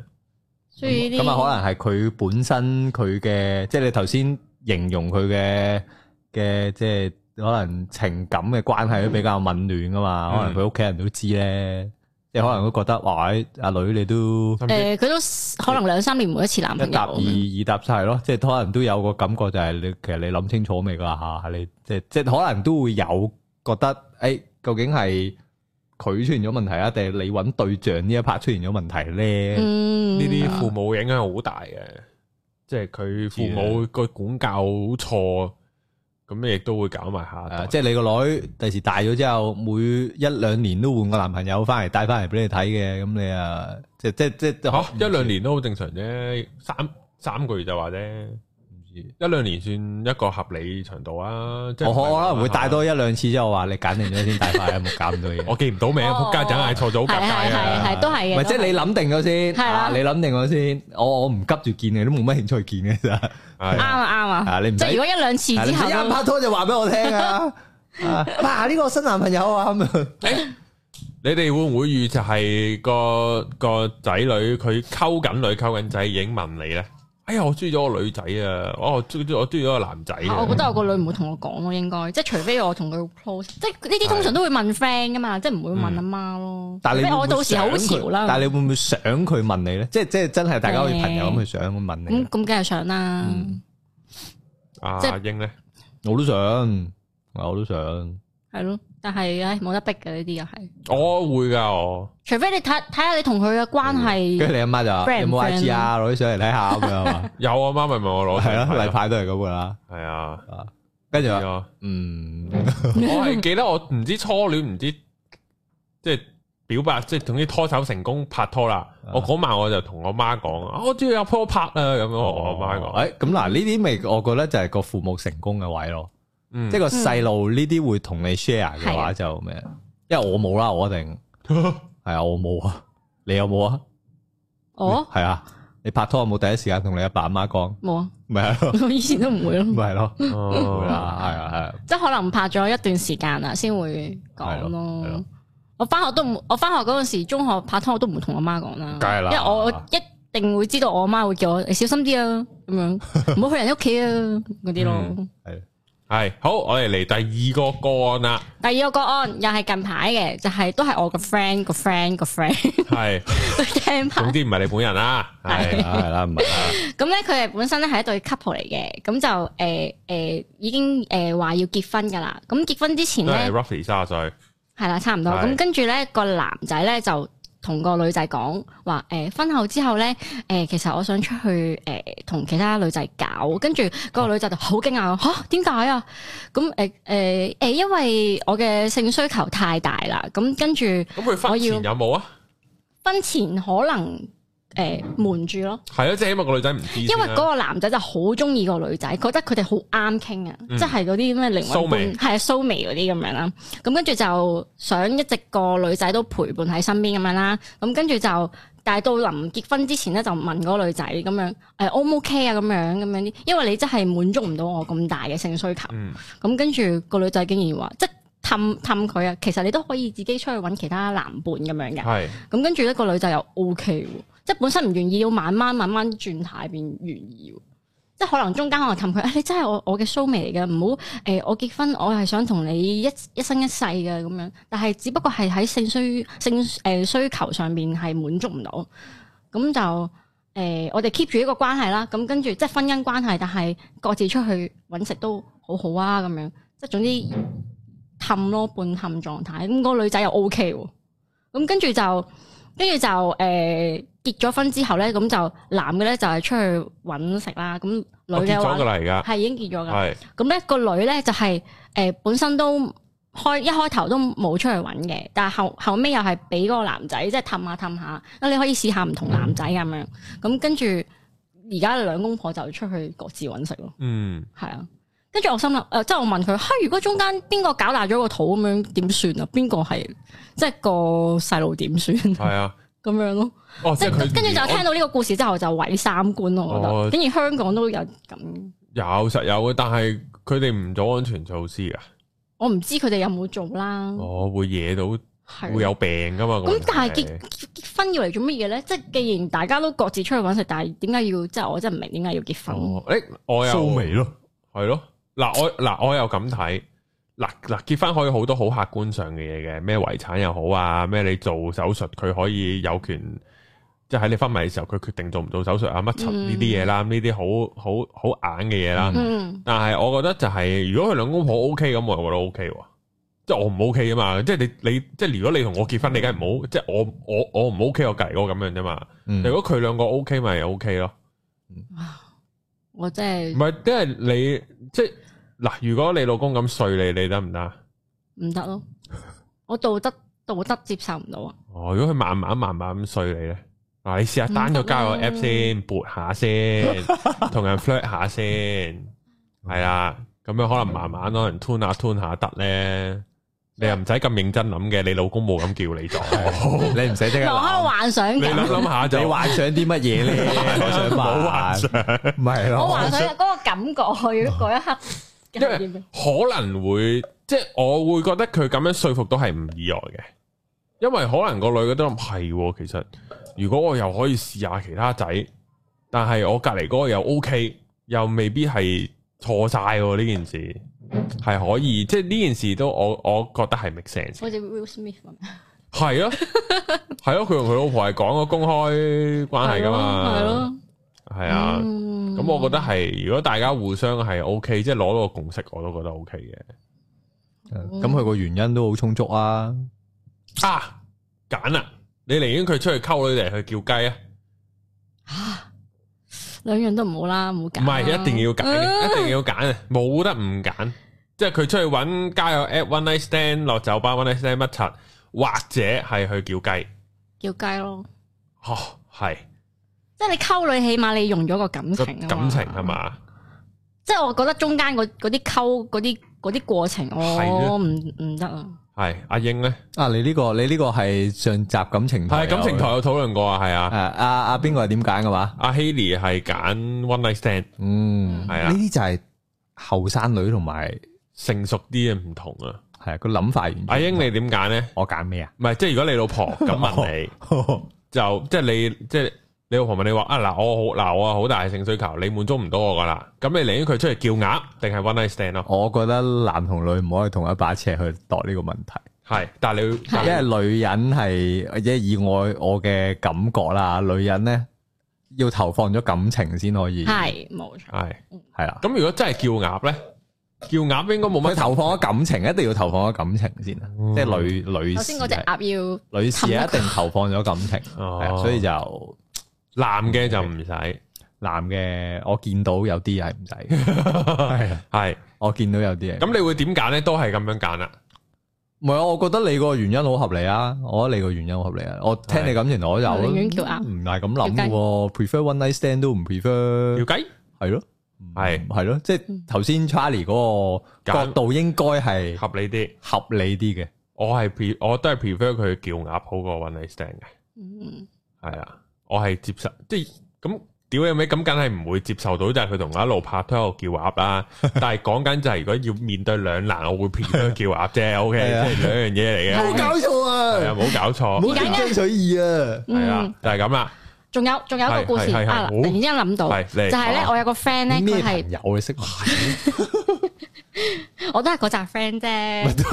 咁啊，可能係佢本身佢嘅，即係你頭先形容佢嘅嘅，即係可能情感嘅關係都比較紊亂噶嘛可能佢屋企人都知咧，即係可能都覺得喂，阿女你都，誒，佢都可能兩三年每一次男朋友，一答二二答晒咯即係可能都有個感覺就係，你其實你諗清楚未噶吓你即係即係可能都會有覺得，誒，究竟係？佢出現咗問題啊，定係你揾對象呢一 part 出現咗問題咧？呢啲、嗯、父母影響好大嘅，即係佢父母個管教好錯，咁你亦都會搞埋下。即係、啊就是、你個女第時大咗之後，每一兩年都換個男朋友翻嚟帶翻嚟俾你睇嘅，咁你啊，即係即係即係吓，一兩年都好正常啫，三三個月就話啫。一兩年算一個合理長度啊！我可能會帶多一兩次之後話你揀定咗先帶翻，有冇揀唔到嘅？我記唔到名，家長嗌錯咗夾帶啊，係係都係嘅。唔係即係你諗定咗先，係啦，你諗定咗先。我我唔急住見你，都冇乜興趣見嘅咋。啱啊啱啊，啊你唔使。如果一兩次之後，你拍拖就話俾我聽啊！嗱，呢個新男朋友啊咁啊，誒，你哋會唔會遇就係個個仔女佢溝緊女溝緊仔已經問你咧？哎呀，我中意咗個女仔啊！哦，啊，我中意咗個男仔。我覺得我個女唔會同我講咯，啊，應該即係除非我同佢 close，即係呢啲通常都會問 friend 噶嘛，的即係唔會問阿媽咯。但係我，我到時好潮啦。但係你會唔會想佢問你咧？即係即係真係大家係朋友咁去想咁問你。咁咁梗係想啦。啊鷹咧，我都想，我都想。係咯。但係誒，冇得逼嘅，呢啲又係，我會噶。除非你睇睇下你同佢嘅關係，跟住你阿媽就話有冇 IG 啊，攞啲相嚟睇下咁樣。有阿媽咪問我攞，係咯，例牌都係咁噶啦。係啊，跟住話，嗯，我係記得我唔知初戀，唔知即係表白，即係總之拖手成功拍拖啦。我嗰晚我就同我媽講，我中意阿坡拍啊，咁樣我我媽講，誒，咁嗱呢啲咪，我覺得就係個父母成功嘅位咯。即係個細路呢啲會同你 share 嘅話就咩？因為我冇啦，我一定係啊，我冇啊，你有冇啊？哦，係啊，你拍拖有冇第一時間同你阿爸阿媽講？冇啊，咪係咯，我以前都唔會咯，咪係咯，唔會啊，係啊，係啊，即係可能拍咗一段時間啦，先會講咯。我翻學都唔，我翻學嗰陣時，中學拍拖我都唔同阿媽講啦，梗係啦，因為我一定會知道我阿媽會叫我小心啲啊，咁樣唔好去人屋企啊，嗰啲咯，係。係好，我哋嚟第二個個案啦。第二個個案又係近排嘅，就係、是、都係我個 friend 個 friend 個 friend 是。係，總之唔係你本人啦、啊，係啦係啦，唔係的。咁咧的，佢哋 本身咧係一對 couple 嚟嘅，咁就誒誒、呃呃、已經誒話、呃、要結婚噶啦。咁結婚之前咧，roughly 卅歲，係啦，差唔多。咁的跟住咧、那個男仔咧就。同個女仔講話，誒、欸、婚後之後咧，誒、欸、其實我想出去誒同、欸、其他女仔搞，跟住個女仔就好驚訝，嚇，點解啊？咁誒誒誒，因為我嘅性需求太大啦，咁跟住，咁佢婚前有冇啊？婚前可能。誒、呃、瞞住咯，係啊，即係起碼個女仔唔知，因為嗰個男仔就好中意個女仔，覺得佢哋好啱傾啊，即係嗰啲咩靈魂，係啊，soulmate 嗰啲咁樣啦。咁跟住就想一直個女仔都陪伴喺身邊咁樣啦。咁、嗯、跟住就，但係到臨結婚之前咧，就問個女仔咁樣誒 O 唔 OK 啊？咁樣咁樣啲，因為你真係滿足唔到我咁大嘅性需求。咁、嗯嗯、跟住個女仔竟然話，即係氹氹佢啊！其實你都可以自己出去揾其他男伴咁樣嘅。係、嗯、咁是、啊、跟住咧，個女仔又 OK 喎。即本身唔願意，要慢慢慢慢轉態變願意，即可能中間我係氹佢，你真係我我嘅酥味嚟嘅，唔好誒，我結婚，我係想同你一一生一世嘅咁樣，但係只不過係喺性需性誒需求上面係滿足唔到，咁就誒、呃、我哋 keep 住呢個關係啦，咁跟住即婚姻關係，但係各自出去揾食都好好啊咁樣，即總之氹咯半氹狀態，咁、個女仔又 O K 喎，咁跟住就。跟住就誒結咗婚之後咧，咁就男嘅咧就係出去搵食啦。咁女嘅話係已經結咗㗎。咁咧係個女咧就係、係、誒、呃、本身都開一開頭都冇出去搵嘅，但係後後尾又係俾嗰個男仔即係氹下氹下。啊、就係，你可以試下唔同男仔咁樣。咁跟住而家兩公婆就出去各自搵食咯。嗯，係啊。跟住我心諗，誒、呃，即係我問佢，吓，如果中間邊個搞大咗個肚咁樣，點算、就是、啊，邊個係即係個細路點算？係啊，咁樣咯。哦，即係跟住就聽到呢個故事之後，就毀三觀咯。我覺得，竟然、哦、香港都有咁，有實有嘅，但係佢哋唔做安全措施噶。我唔知佢哋有冇做啦。哦，會惹到，會有病噶嘛、啊，咁、啊、但係結結婚要嚟做乜嘢咧？即係既然大家都各自出去揾食，但係點解要即係我真係唔明點解要結婚？誒、哦、收、欸、尾對咯，係咯。嗱我嗱我又咁睇，嗱嗱結婚可以好多好客觀上嘅嘢嘅，咩遺產又好啊，咩你做手術佢可以有權，即係喺你昏迷嘅時候佢決定做唔做手術啊乜柒呢啲嘢啦，呢啲好好好硬嘅嘢啦。嗯、但係我覺得就係、是、如果佢兩公婆 OK 咁，我又覺得 OK，即係我唔 OK 啊嘛，即、就、係、是、你你即係如果你同我結婚，你梗係唔好，即、就、係、是、我我我唔 OK 我隔籬個，我咁樣啫嘛。如果佢兩個 OK 咪 OK 咯。嗯、我真係唔係，因為、就是、你即係。就是嗱，如果你老公咁碎你，你得唔得？唔得咯，我道德道德接受唔到啊！哦，如果佢慢慢慢慢咁碎你咧，嗱，你試下單咗交個 app 先，撥下先，同人 flirt 下先，係啊，咁樣可能慢慢可能 turn 下 turn 下得咧，你又唔使咁認真諗嘅，你老公冇咁叫你做，你唔使即刻。我開幻想，你諗諗下就，你幻想啲乜嘢咧？我想唔好幻想，唔係咯，我幻想嗰個感覺，如果嗰一刻。因為可能會，即係我會覺得佢咁樣說服都係唔意外嘅。因為可能個女嘅都唔係，其實如果我又可以試下其他仔，但係我隔籬嗰個又 OK，又未必係錯晒呢件事，係可以。即係呢件事都我我覺得係 make sense。好似 Will Smith，係啊，係咯，啊，佢同佢老婆係講個公開關係噶嘛。係啊，咁、嗯、我覺得係，如果大家互相係 O K，即係攞到個共識，我都覺得 O K 嘅。咁佢個原因都好充足啊。嗯、啊，揀啊！你寧願佢出去溝女定係去叫雞啊？啊，兩樣都唔好啦，唔好揀。唔係，一定要揀、啊，一定要揀啊！冇得唔揀，即係佢出去揾街友 at one night stand 落酒吧 one night stand 乜柒，或者係去叫雞，叫雞咯。哦，係。即係你溝女，起碼你用咗個感情啊，感情係嘛？即係我覺得中間嗰啲溝嗰啲嗰啲過程，我我唔唔得啊。係阿英咧？啊，你呢個你呢個係上集感情係感情台有討論過啊？係啊，誒，阿阿邊個係點揀嘅話？阿希尼係揀 one night stand，嗯，係啊。呢啲就係後生女同埋成熟啲嘅唔同啊。係啊，個諗法。阿英你點揀咧？我揀咩啊？唔係，即係如果你老婆咁問你，就即係你即係。你婆埋你話啊嗱，我好嗱，我啊好大性需求，你滿足唔到我噶啦，咁你寧願佢出嚟叫鴨，定係 one n i stand 咯？我覺得男同女唔可以同一把尺去度呢個問題。係，但係你，因為女人係，或者以外我嘅感覺啦，女人咧要投放咗感情先可以。係，冇錯。係，係啦。咁如果真係叫鴨咧，叫鴨應該冇乜投放咗感情，一定要投放咗感情先即係女女，先隻鴨要女士一定投放咗感情，所以就。男嘅就唔使，男嘅我見到有啲係唔使，係我見到有啲嘢。咁你會點揀咧？都係咁樣揀啦。唔係，我覺得你個原因好合理啊！我覺得你個原因好合理啊！我聽你感情我就，唔係咁諗嘅。prefer one night stand 都唔 prefer 叫雞，係咯，係係咯，即係頭先 Charlie 嗰個角度應該係合理啲，合理啲嘅。我係我都係 prefer 佢叫鴨好過 one night stand 嘅，嗯，係啊。我係接受，即係咁屌人咩？咁梗係唔會接受到，就係佢同我一路拍拖，一路叫鴨啦。但係講緊就係，如果要面對兩難，我會偏向叫鴨啫。O K，即係兩樣嘢嚟嘅，冇搞錯啊！冇搞錯，唔好驚水意啊！係啦，就係咁啦。仲有仲有個故事啊，突然之間諗到，就係咧，我有個 friend 咧，佢係有你識，我都係嗰紮 friend 啫。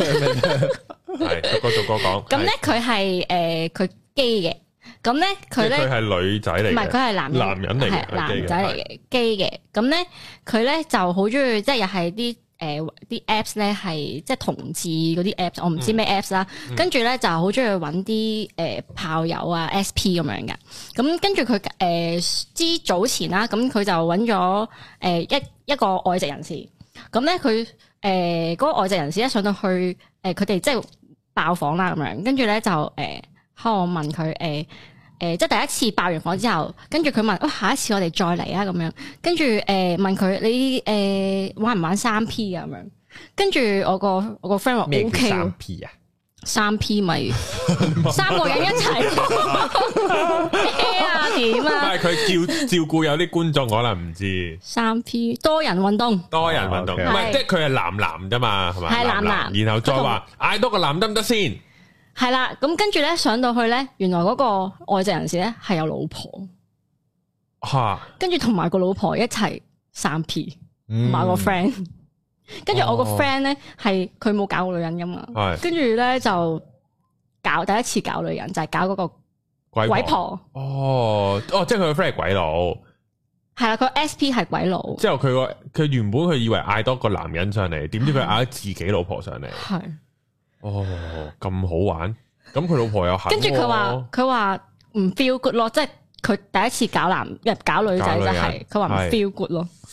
係，逐個逐個講。咁咧，佢係誒，佢 gay 嘅。咁咧，佢咧，佢係女仔嚟，唔係，佢係男人男人嚟，係男仔嚟嘅基嘅。咁咧的，佢咧的就好中意，即係又係啲誒啲 apps 咧，係、呃、即係同志嗰啲 apps，我唔知咩 apps 啦、嗯。跟住咧就好中意搵啲誒炮友啊，SP 咁樣嘅。咁跟住佢誒之早前啦，咁佢就搵咗誒一一個外籍人士。咁咧佢誒嗰個外籍人士一上到去誒，佢、呃、哋即係爆房啦咁樣，跟住咧就誒。呃呃我問佢誒誒，即係第一次爆完火之後，跟住佢問，哇，下一次我哋再嚟啊，咁樣。跟住誒問佢你誒玩唔玩三 P 啊？咁樣。跟住我個我個 friend 話，O K。三 P 啊，三 P 咪三個人一齊。A 啊點啊？唔係佢照照顧有啲觀眾可能唔知。三 P 多人運動，多人運動，唔係即係佢係男男啫嘛，係嘛？係男男。然後再話嗌多個男得唔得先？係啦，咁跟住咧上到去咧，原來嗰個外籍人士咧係有老婆，吓哈，跟住同埋個老婆一齊三 P，同埋個 friend，跟住我個 friend 咧係佢冇搞過女人噶嘛，的跟住咧就搞第一次搞女人就係、是、搞嗰個鬼婆哦，哦，哦，即係佢個 friend 係鬼佬，係啦，佢 S P 係鬼佬，之後佢個佢原本佢以為嗌多個男人上嚟，點知佢嗌自己老婆上嚟，係。哦，咁好玩！咁佢老婆有吓、哦？跟住佢話佢話唔 feel good 咯，即係佢第一次搞男，即搞女仔，就是，就係佢話唔 feel good 咯。是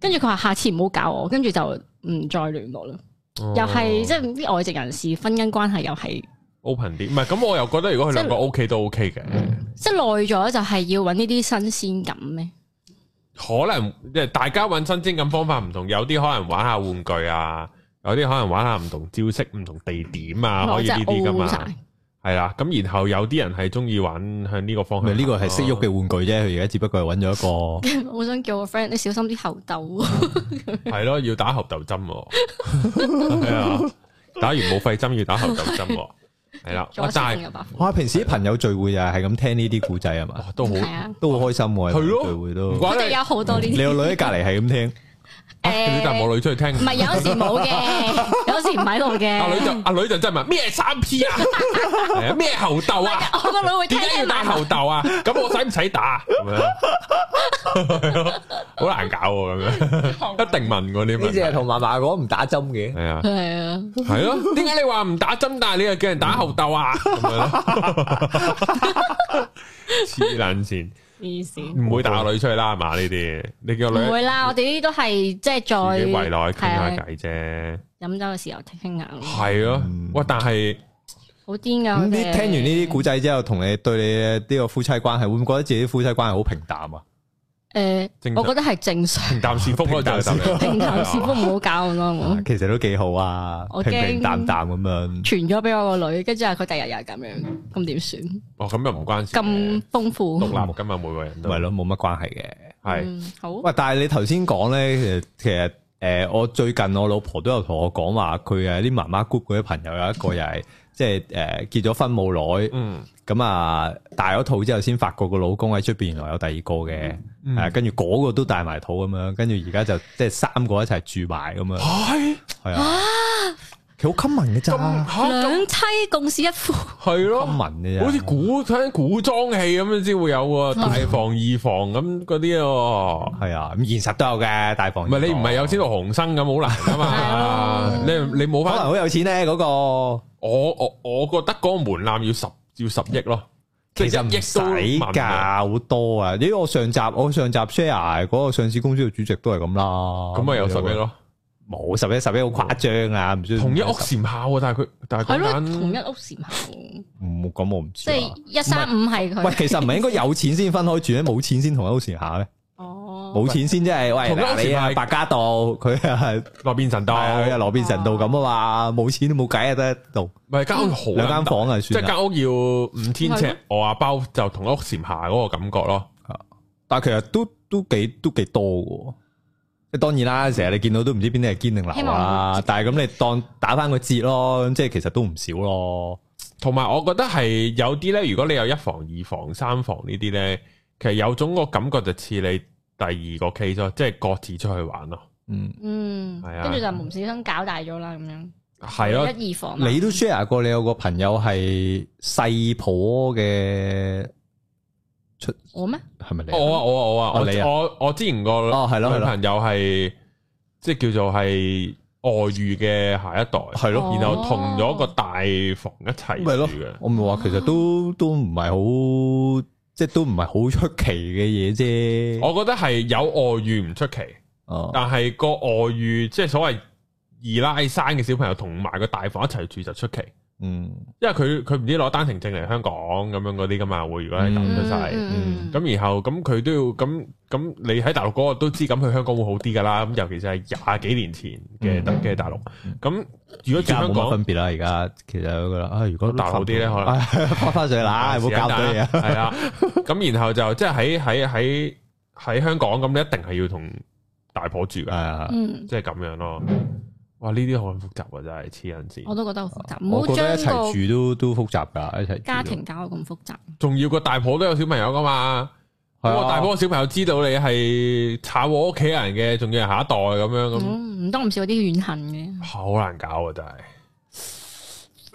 跟住佢話下次唔好搞我，跟住就唔再聯絡啦。哦、又係即係啲外籍人士婚姻關係又係 open 啲，唔係，咁我又覺得如果佢兩個 OK 即都 OK 嘅，嗯，即係耐咗就係要搵呢啲新鮮感咩？可能即係大家搵新鮮感方法唔同，有啲可能玩下玩具啊。有啲可能玩下唔同招式，唔同地點啊，可以呢啲噶嘛？係啦，咁然後有啲人係中意玩向呢個方向。呢個係識喐嘅玩具啫，佢而家只不過係揾咗一個。我想叫個 friend，你小心啲喉豆。係咯，要打喉豆針。打完冇肺針，要打喉豆針。係啦，但係我平時啲朋友聚會就係咁聽呢啲故仔啊嘛？都好，都好開心喎。係咯，我哋有好多呢啲。你個女喺隔離係咁聽？誒，但係冇女出去聽，唔係有時冇嘅，有時唔喺度嘅。阿女就阿女就真係問咩三 P 啊，咩後斗啊？我個女會點解要打後斗啊？咁我使唔使打？好難搞咁樣，一定問過你嗰啲。之前同嫲嫲講唔打針嘅，係啊，係啊，係咯。點解你話唔打針，但係你又叫人打後斗啊？黐撚線。唔會打女出去啦，係嘛呢啲？你叫女唔會啦，我哋呢啲都係即係再，係啊，傾下偈啫。飲酒嘅時候傾傾下。係咯、嗯，哇！但係好癲噶。咁、嗯、聽完呢啲古仔之後，同你對你呢個夫妻關係，會唔會覺得自己夫妻關係好平淡啊？誒，我覺得係正常，平淡是福咯，就係平平淡是福，唔好搞咁咯。其實都幾好啊，我平平淡淡咁樣。傳咗俾我個女，跟住啊，佢第日又咁樣，咁點算？哦，咁又唔關事。咁豐富。獨立噶嘛，每個人都係咯，冇乜關係嘅，係好。喂，但係你頭先講咧，其實誒，我最近我老婆都有同我講話，佢啊啲媽媽姑 r 啲朋友有一個又係。即係誒，結咗婚冇耐，咁、嗯、啊，大咗肚之後先發覺個老公喺出邊，原來有第二個嘅，誒、嗯嗯啊，跟住嗰個都大埋肚咁樣，跟住而家就即係三個一齊住埋咁 啊，係啊。好吸引嘅真，兩妻共侍一夫係咯，吸嘅 了，好似古睇古裝戲咁樣先會有啊，大房二房咁嗰啲，係啊，咁、啊、現實都有嘅大房、二房，唔係你唔係有錢到洪生咁好難啊嘛？你你冇可能好有錢咧嗰、那個，我我我覺得嗰個門檻要十要十億咯，其實唔使咁多啊。咦，我上集我上集 share 嗰、那個上市公司嘅主席都係咁啦，咁咪有十億咯。冇十一十一好誇張啊！唔知同一屋檐下喎，但係佢但係講緊同一屋檐下。唔講我唔知。即係一三五係佢。喂，其實唔係應該有錢先分開住咧，冇錢先同一屋檐下咧？哦，冇錢先即係你係百家道，佢係羅便臣道，一羅便臣道咁啊嘛，冇錢都冇計啊，得一度。唔係間屋好有間房啊，算即係間屋要五千尺，我阿包就同一屋檐下嗰個感覺咯。但係其實都都幾都幾多喎。當然啦，成日你見到都唔知邊啲係堅定流啦，但係咁你當打翻個折咯，即係其實都唔少咯。同埋我覺得係有啲咧，如果你有一房、二房、三房呢啲咧，其實有種個感覺就似你第二個 case 咗，即係各自出去玩咯、啊。嗯嗯，跟住、啊嗯、就唔小心搞大咗啦，咁樣。係咯、啊，一二房。你都 share 過，你有個朋友係細婆嘅。出我咩嗎？係咪你、啊我？我，我啊我啊我啊我我我之前個哦係咯朋友係即係叫做係外遇嘅下一代係咯，然後同咗個大房一齊住嘅的。我咪話其實都、哦、都唔係好即係都唔係好出奇嘅嘢啫。我覺得係有外遇唔出奇，哦、但係個外遇即係所謂二奶生嘅小朋友同埋個大房一齊住就出奇。嗯，因為佢佢唔知攞單程證嚟香港咁樣嗰啲噶嘛，會如果抌出晒，咁然後咁佢都要咁咁你喺大陸嗰個都知，咁去香港會好啲噶啦。咁尤其是係廿幾年前嘅特嘅大陸，咁如果住香港冇分別啦。而家其實我覺得啊，如果大陸啲咧，可能翻翻上嚟啊，唔好搞到你啊。係啦，咁然後就即係喺喺喺喺香港咁，你一定係要同大婆住噶，嗯，即係咁樣咯。哇！呢啲好複雜啊，真係痴人志。我都覺得好複雜，我覺得一齊住都都複雜噶，一齊家庭搞到咁複雜。仲要個大婆都有小朋友噶嘛？咁、啊、大婆個小朋友知道你係炒我屋企人嘅，仲要係下一代咁樣咁，唔多唔少有啲怨恨嘅。好、啊、難搞啊！真係，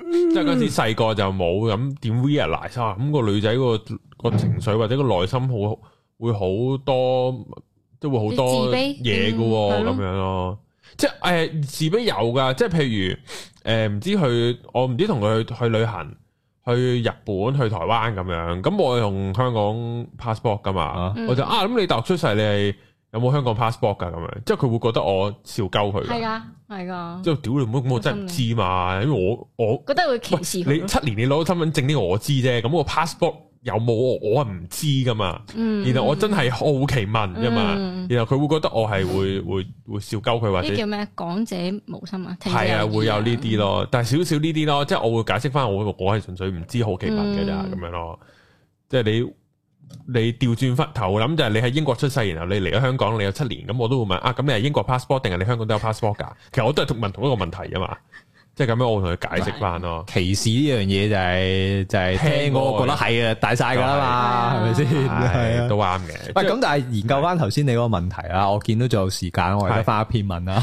嗯、即係嗰時細個就冇咁點 realize 啊！咁、那個女仔個個情緒或者個內心會好會好多，都會好多嘢嘅咁樣咯。即係誒、呃，自卑有噶，即係譬如誒，唔、呃、知去，我唔知同佢去去旅行，去日本，去台灣咁樣，咁我用香港 passport 噶嘛，嗯、我就啊，咁你大陸出世，你係有冇香港 passport 噶咁樣，即係佢會覺得我笑鳩佢，係啊，係噶，即係屌你妹，咁我真係唔知嘛，因為我我覺得我會歧視你七年，你攞咗身份證啲我,我知啫，咁我 passport。有冇我係唔知㗎嘛，嗯、然後我真係好奇問㗎嘛，嗯、然後佢會覺得我係會、嗯、會會笑鳩佢或者啲叫咩講者無心啊？係啊，會有呢啲咯，嗯、但係少少呢啲咯，即係我會解釋翻我我係純粹唔知好奇問嘅咋咁樣咯，即係你你調轉翻頭諗就係你喺英國出世，然後你嚟咗香港，你有七年，咁我都會問啊，咁你係英國 passport 定係你香港都有 passport 㗎？ 其實我都係問同一個問題㗎嘛。即係咁樣，我同佢解釋翻咯。歧視呢樣嘢就係就係聽我覺得係啊，大晒噶啦嘛，係咪先？係都啱嘅。喂，咁但係研究翻頭先你嗰個問題啦，我見到仲有時間，我而家翻一篇文啦，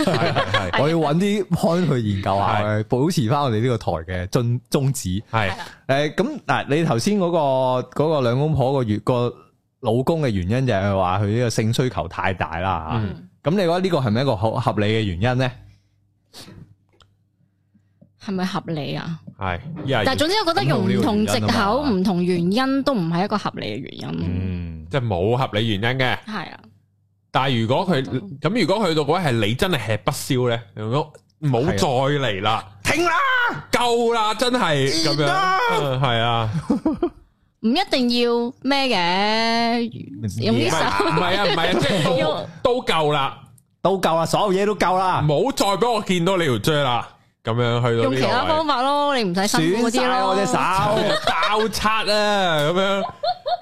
我要揾啲 point 去研究下，保持翻我哋呢個台嘅宗宗旨。係誒，咁嗱，你頭先嗰個嗰個兩公婆個原個老公嘅原因就係話佢呢個性需求太大啦吓。咁你覺得呢個係咪一個好合理嘅原因咧？係咪合理啊？係，但係總之，我覺得用唔同借口、唔同原因都唔係一個合理嘅原因。嗯，即係冇合理原因嘅。係啊，但係如果佢咁，如果去到嗰位你真係吃不消咧，唔好再嚟啦，停啦，夠啦，真係咁樣，係啊，唔一定要咩嘅，唔係唔係啊，唔係，即係都都夠啦，都夠啦，所有嘢都夠啦，唔好再俾我見到你條嘴啦。咁樣去到用其他方法咯，你唔使伸嗰啲咯。損晒我隻手，交叉啊，咁樣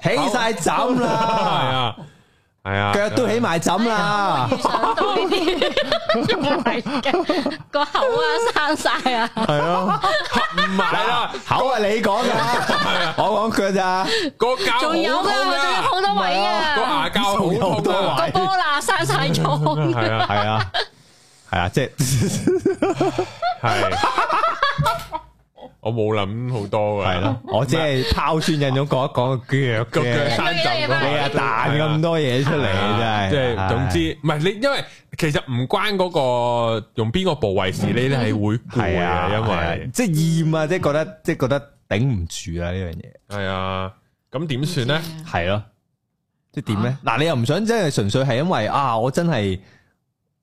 起晒枕啦，係啊，係啊，腳都起埋枕啦。個口啊生晒啊，係啊，唔係啦，口係你講噶，我講腳咋？個膠仲有咩？好多位啊，個牙膠好多位，個波啦生晒瘡。係啊，係啊。係啊，即係，我冇諗好多嘅，係咯，我只係拋磚引玉，講一講腳腳山浸，你啊彈咁多嘢出嚟，真係即係，總之唔係你，因為其實唔關嗰個用邊個部位事，你咧係會攰啊，因為即係厭啊，即係覺得即係覺得頂唔住啊呢樣嘢，係啊，咁點算咧？係咯，即係點咧？嗱，你又唔想即係純粹係因為啊，我真係。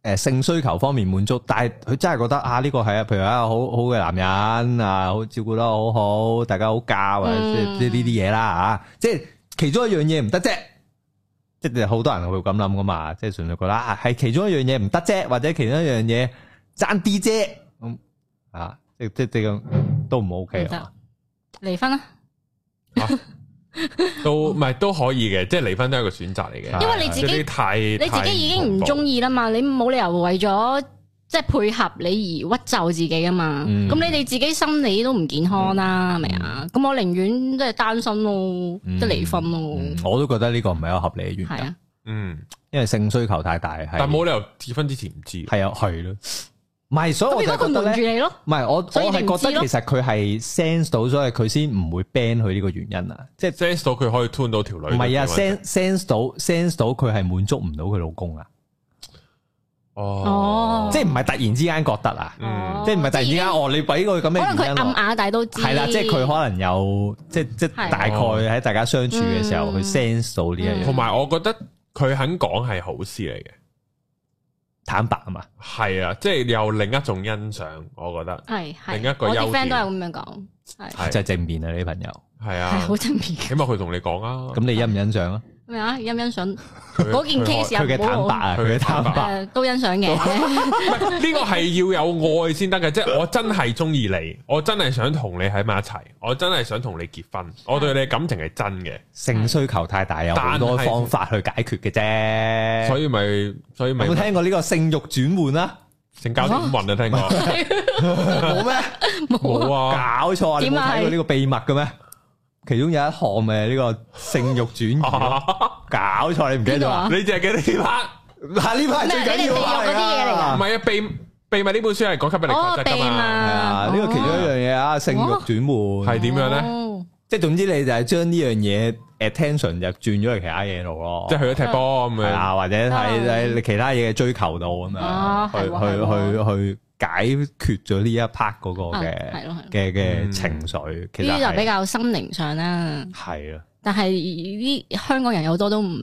誒，性需求方面滿足，但係佢真係覺得啊，呢、呢個係啊，譬如啊，好好嘅男人啊，好照顧得好好，大家好教、嗯、啊，即係呢啲嘢啦嚇，即係其中一樣嘢唔得啫，即係好多人會咁諗噶嘛，即係純粹覺得啊，係其中一樣嘢唔得啫，或者其中一樣嘢爭啲啫，咁啊，即即即咁都唔 OK 啊，離婚啊。 都唔係都可以嘅，即係離婚都係個選擇嚟嘅。因為你自己太你自己已經唔中意啦嘛，你冇理由為咗即係配合你而屈就自己噶嘛。咁、嗯、你哋自己心理都唔健康啦，係咪啊？咁、嗯、我寧願即係單身咯、啊，即係離婚咯、啊嗯。我都覺得呢個唔係一個合理嘅原因。啊、嗯，因為性需求太大，但冇理由結婚之前唔知。係啊，係咯。唔係，所以我覺得佢唔瞞住你咧，唔係，我我係覺得其實佢係 sense 到，所以佢先唔會 ban 佢呢個原因啊。即係 sense 到佢可以 turn 到條女。唔係啊，sense 到 sense 到佢係滿足唔到佢老公啊。哦，即係唔係突然之間覺得啊？即係唔係突然之間哦？你俾佢咁嘅原因落。可能佢暗啞底都知。係啦，即係佢可能有即即大概喺大家相處嘅時候，佢 sense 到呢一樣嘢。同埋我覺得佢肯講係好事嚟嘅。坦白啊嘛，係啊，即係又另一種欣賞，我覺得係係，另一個優點，我啲 friend 都係咁樣講，係即係正面啊啲朋友，係啊，好正面，起碼佢同你講啊，咁你欣唔欣賞啊？ 咩啊？欣欣賞嗰件 case 啊？佢嘅坦白啊，佢嘅坦白，都欣賞嘅。唔係呢個係要有愛先得嘅，即係我真係中意你，我真係想同你喺埋一齊，我真係想同你結婚，我對你感情係真嘅。性需求太大，有好多方法去解決嘅啫。所以咪，所以咪，冇聽過呢個性欲轉換啊？性交轉換啊？聽過冇咩？冇啊！搞錯啊！你冇睇過呢個秘密嘅咩？其中有一項咪呢個性慾轉換，搞錯，你唔記得咗？你淨係記得呢 part，嗱，呢 part 最緊要啊，唔係啊秘，秘密呢本書係講吸引力法則噶嘛，係啊，呢個其中一樣嘢啊，性慾轉換係點樣咧？即係總之你就係將呢樣嘢 attention 就轉咗去其他嘢度咯，即係去咗踢波咁啊，或者喺喺你其他嘢嘅追求度咁啊，去去去去。解決咗呢一 part 嗰個嘅，係咯嘅嘅情緒，其實就比較心靈上啦。係啊，但係啲香港人好多都唔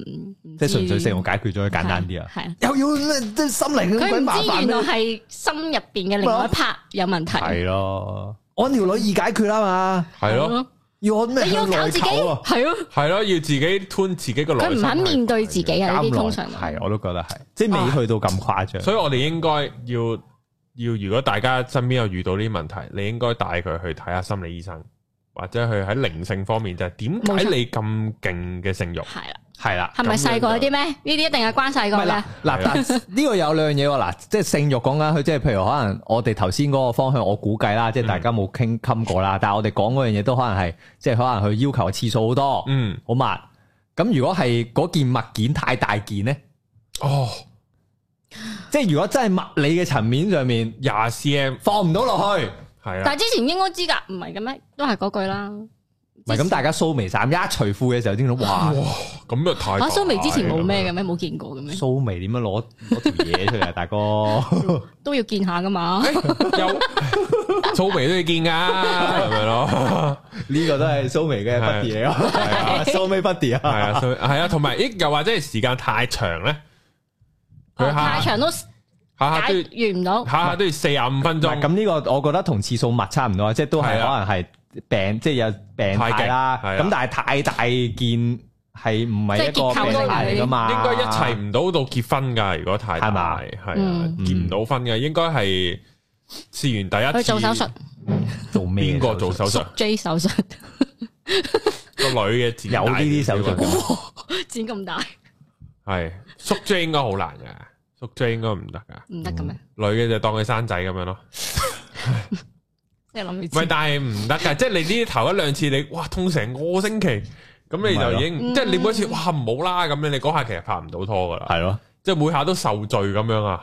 即係純粹性，我解決咗簡單啲啊。係又要即係心靈咁，佢唔知原來係心入邊嘅另外一 part 有問題。係咯，我條女易解決啦嘛。係咯，要你要靠自己。係咯，係咯，要自己吞自己個女。佢唔肯面對自己嘅呢啲通常係，我都覺得係，即係未去到咁誇張。所以我哋應該要。要如果大家身邊有遇到呢啲問題，你應該帶佢去睇下心理醫生，或者去喺靈性方面就係點解你咁勁嘅性慾？係啦，係啦，係咪細個嗰啲咩？呢啲一定係關細個嘅。嗱嗱，呢個有兩樣嘢喎。嗱，即係性慾講緊佢，即係譬如可能我哋頭先嗰個方向，我估計啦，即係大家冇傾襟過啦。但係我哋講嗰樣嘢都可能係，即係可能佢要求嘅次數好多，嗯，好密。咁如果係嗰件物件太大件咧，哦。即係如果真係物理嘅層面上面廿四 m 放唔到落去，係啊。但係之前應該知噶，唔係咁咩，都係嗰句啦。唔係咁，大家蘇眉散一除褲嘅時候先諗，哇，咁啊太吓蘇眉之前冇咩嘅咩，冇見過嘅咩？蘇眉點樣攞攞條嘢出嚟？大哥都要見下噶嘛？有蘇眉都要見噶，係咪咯。呢個都係蘇眉嘅筆嘢咯，係啊，蘇眉筆嘢啊，係啊，係啊。同埋，咦，又或者係時間太長咧？太長都下下都完唔到，下下都要四十五分鐘。咁呢個我覺得同次數密差唔多，即係都係可能係病，即係有病態啦。咁但係太大件係唔係一個問題嚟噶嘛？應該一齊唔到到結婚噶，如果太大係咪？係結唔到婚嘅，應該係試完第一去做手術，做邊個做手術？J 手術個女嘅剪，有呢啲手術剪咁大，係縮 J 應該好難噶。捉精應該唔得噶，唔得噶咩？女嘅就當佢生仔咁樣咯。即係諗唔係，但係唔得噶，即係你呢頭一兩次你哇痛成個星期，咁你就已經即係你每一次哇唔好啦咁樣，你嗰下其實拍唔到拖噶啦，係咯，即係每下都受罪咁樣啊，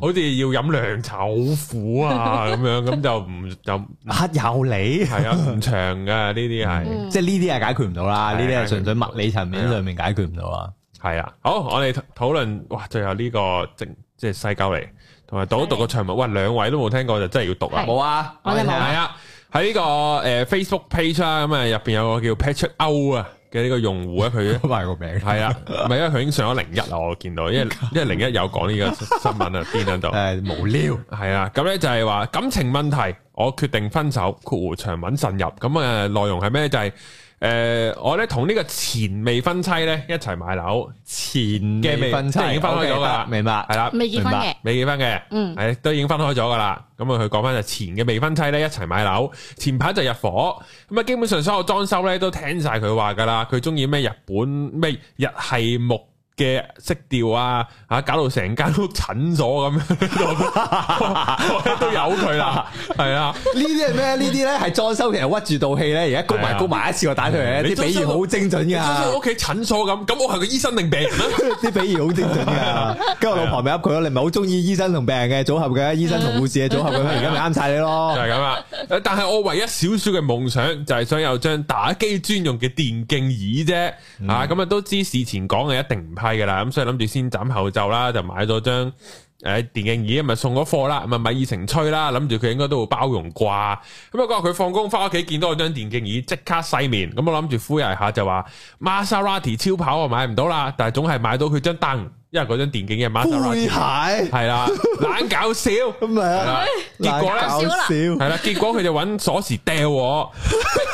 好似要飲涼茶好苦啊咁樣，咁就唔就黑有理係啊，唔長噶呢啲係，即係呢啲係解決唔到啦，呢啲係純粹物理層面上面解決唔到啊。係啊，好，我哋討論哇，最後呢個即即西交嚟，同埋讀一讀個長文，喂，兩位都冇聽過就真係要讀啊，冇啊，係咪啊？喺呢個誒 Facebook page 啦，咁啊入邊有個叫 Patrick 歐啊嘅呢個用戶咧，佢，唔係個名，係啊，唔係因為佢已經上咗零一啦，我見到，因為因為零一有講呢個新聞啊，邊度？係無聊，係啊，咁咧就係話感情問題，我決定分手，括弧長文慎入，咁啊內容係咩？就係。誒、呃，我咧同呢個前未婚妻咧一齊買樓，前嘅未，未婚妻已經分開咗噶啦，明白係啦，了未結婚嘅，白未結婚嘅，嗯，係都已經分開咗噶啦。咁、嗯、啊，佢講翻就前嘅未婚妻咧一齊買樓，前排就入伙，咁啊，基本上所有裝修咧都聽晒佢話噶啦，佢中意咩日本咩日係木，嘅色調啊，吓搞到成間屋診所咁樣，都有佢啦，係啊，呢啲係咩？呢啲咧係裝修，其實屈住道氣咧，而家高埋高埋一次個打台嘅，啲、嗯、比喻好精準噶。屋企診所咁，咁我係個醫生定病人啊？啲 比喻好精準噶，跟住 我老婆咪噏佢咯。你唔係好中意醫生同病人嘅組合嘅，醫生同護士嘅組合嘅，而家咪啱晒你咯、嗯。就係咁啊！但係我唯一少少嘅夢想就係想有張打機專用嘅電競椅啫，吓咁啊都知事前講嘅，一定唔批。係噶啦，咁所以諗住先斬後奏啦，就買咗張誒電競椅，咪送咗貨啦，咪米已成炊啦，諗住佢應該都會包容啩。咁不過佢放工翻屋企見到我張電競椅，即刻晒面。咁我諗住敷衍下就話瑪莎拉蒂超跑啊買唔到啦，但係總係買到佢張凳，因為嗰張電競嘅瑪莎拉蒂係啦，懶蟹 搞笑，係啦，結果咧，係啦，結果佢就揾鎖匙掉我，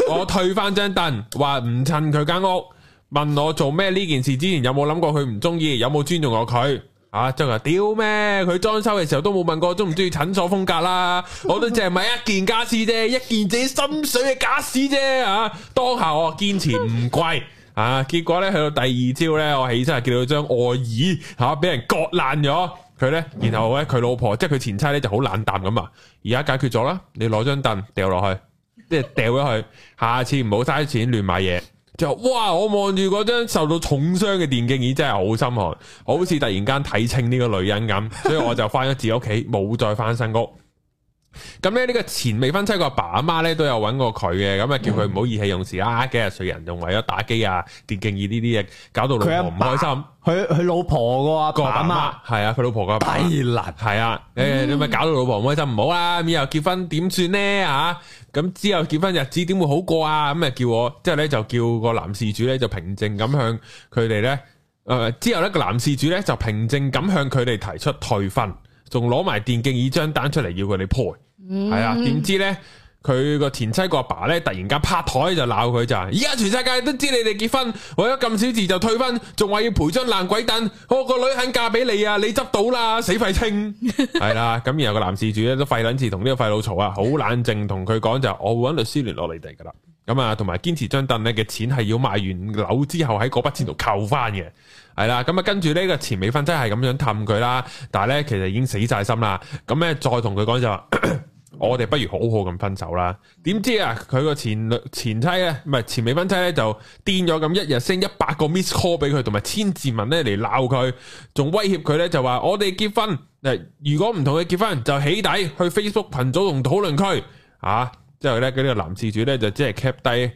我退翻張凳，話唔襯佢間屋。問我做咩呢件事之前有冇諗過佢唔中意，有冇尊重過佢？啊，真係，屌咩？佢裝修嘅時候都冇問過，中唔中意診所風格啦？我都淨係買一件家私啫，一件自己心水嘅家私啫。啊，當下我堅持唔貴。啊，結果咧，去到第二朝咧，我起身見到張外椅吓俾、啊、人割爛咗佢咧，然後咧佢老婆即係佢前妻咧就好冷淡咁啊。而家解決咗啦，你攞張凳掉落去，即係掉咗去，下次唔好嘥錢亂買嘢。就哇！我望住嗰張受到重傷嘅電競椅，真係好心寒。我好似突然間睇清呢個女人咁，所以我就返咗自己屋企，冇再返新屋。咁咧呢個前未婚妻個阿爸阿媽咧都有揾過佢嘅，咁啊叫佢唔好意氣用事啊，幾廿歲人仲為咗打機啊、電競椅呢啲嘢搞到老婆唔開心。佢佢老婆個阿爸阿媽係啊，佢難老婆個阿爸係啊，誒，你咪搞到老婆唔開心，唔好啊。咁以後結婚點算呢？啊，咁之後結婚日子點會好過啊？咁啊叫我之後咧就叫個男事主咧就平靜咁向佢哋咧，誒、呃、之後呢個男事主咧就平靜咁向佢哋提出退婚，仲攞埋電競椅張單出嚟要佢哋賠。係啊，點、嗯、知呢？佢個前妻個阿爸呢，突然間拍台就鬧佢就，而家全世界都知你哋結婚，為咗咁少字就退婚，仲話要賠張爛鬼凳，我個女肯嫁俾你啊！你執到啦，死廢青！係啦，咁然後個男事主咧都廢卵字，同呢個廢老曹啊，好冷靜同佢講就，我會揾律師聯絡你哋噶啦，咁啊，同埋堅持張凳呢嘅錢係要賣完樓之後喺嗰筆錢度扣翻嘅，係啦，咁啊，跟住呢個前未婚妻係咁樣氹佢啦，但係呢，其實已經死晒心啦，咁呢，再同佢講就。我哋不如好好咁分手啦。點知啊，佢個前前妻咧，唔係前未婚妻咧，就癲咗咁一日升一百個 miss call 俾佢，同埋千字文咧嚟鬧佢，仲威脅佢咧就話我哋結婚，誒，如果唔同佢結婚，就起底去 Facebook 群組同討論區啊。之後咧，嗰啲個男事主咧就即係 keep 低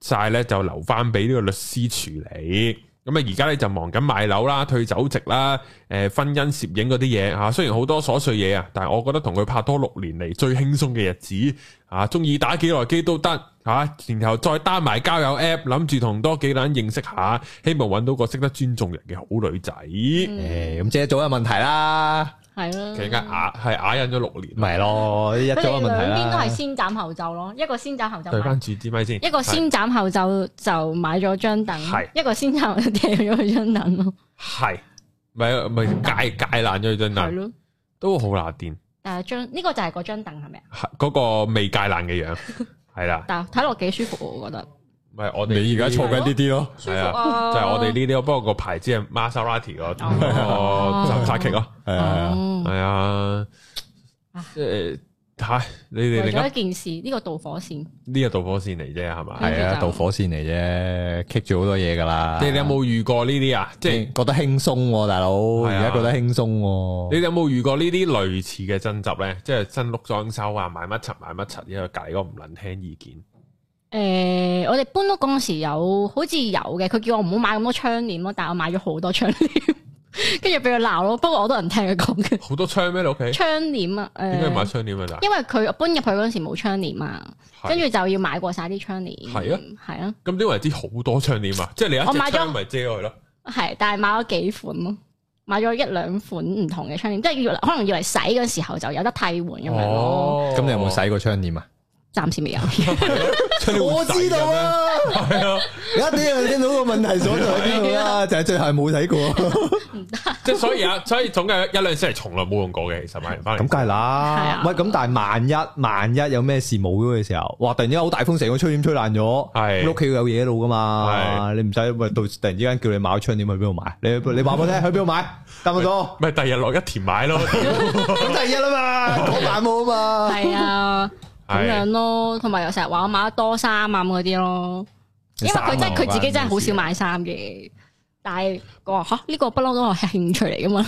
晒咧，就留翻俾呢個律師處理。咁啊，而家咧就忙緊買樓啦、退酒席啦、誒婚姻攝影嗰啲嘢嚇。雖然好多瑣碎嘢啊，但係我覺得同佢拍拖六年嚟最輕鬆嘅日子嚇，中、啊、意打幾耐機都得嚇、啊，然後再 down 埋交友 app，諗住同多幾個人認識下，希望揾到個識得尊重人嘅好女仔。誒、嗯，咁即係早有問題啦。係咯，佢而家瓦係瓦印咗六年，唔係咯，一組問兩邊都係先斬後奏咯，一個先斬後奏，對翻住支咪先。一個先斬後奏就買咗張凳，一個先斬後掟咗佢張凳咯。係，咪咪介介爛咗佢張凳，都好難掂。誒張呢個就係嗰張凳係咪啊？嗰個未介爛嘅樣係啦。但睇落幾舒服，我覺得。唔係我哋，你而家錯緊呢啲咯，係啊，就係我哋呢啲。不過個牌子係 Maserati 個個剎車鉗咯，係啊，係啊，即係吓你哋。另一件事，呢個導火線，呢個導火線嚟啫，係嘛？係啊，導火線嚟啫，keep 住好多嘢噶啦。你你有冇遇過呢啲啊？即係覺得輕鬆，大佬而家覺得輕鬆。你有冇遇過呢啲類似嘅爭執咧？即係新屋裝修啊，買乜柒買乜柒，因為隔籬嗰個唔撚聽意見。誒、呃，我哋搬屋嗰時有，好似有嘅。佢叫我唔好買咁多窗簾咯，但係我買咗好多窗簾，跟住俾佢鬧咯。不過我都唔聽佢講嘅。好多窗咩？你屋企窗簾、呃、啊？點解要買窗簾啊？因為佢搬入去嗰時冇窗簾啊，跟住就要買過晒啲窗簾。係啊，係啊。咁點為之好多窗簾啊？ 即係你一隻窗咪遮佢咯。係，但係買咗幾款咯，買咗一兩款唔同嘅窗簾，即係可能要嚟洗嘅時候就有得替換咁樣咯。咁、哦、你有冇洗過窗簾啊？暫時未有，我知道啊，係啊，而家啲人聽到個問題所在啦，就係最後冇睇過，即係所以啊，所以總嘅一兩星期從來冇用過嘅，其實買唔翻嚟。咁梗係啦，喂，咁但係萬一萬一有咩事冇嘅時候，哇，突然之間好大風，成個窗簾吹爛咗，係屋企有嘢路噶嘛，你唔使喂，到突然之間叫你買個窗簾去邊度買？你你話我聽，去邊度買？答我講，咪第日落一田買咯，第二日啦嘛，冇買冇啊嘛，係啊。咁樣咯，同埋又成日話我買得多衫啊嗰啲咯，因為佢真佢自己真係好少買衫嘅，但係佢話吓呢個不嬲都係興趣嚟噶嘛，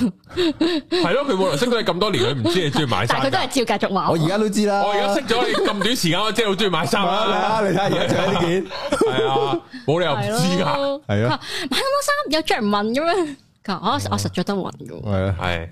係咯， 佢冇嚟識咗你咁多年，佢唔知你中意買衫，但佢都係照繼續話。我而家都知啦，我而家識咗你咁短時間，我真係好中意買衫啊！你睇下，而家着呢件，係啊，冇理由唔知噶，係啊， 買咁多衫有著唔問噶咩？我、 啊嗯、我實在都暈噶，係、啊。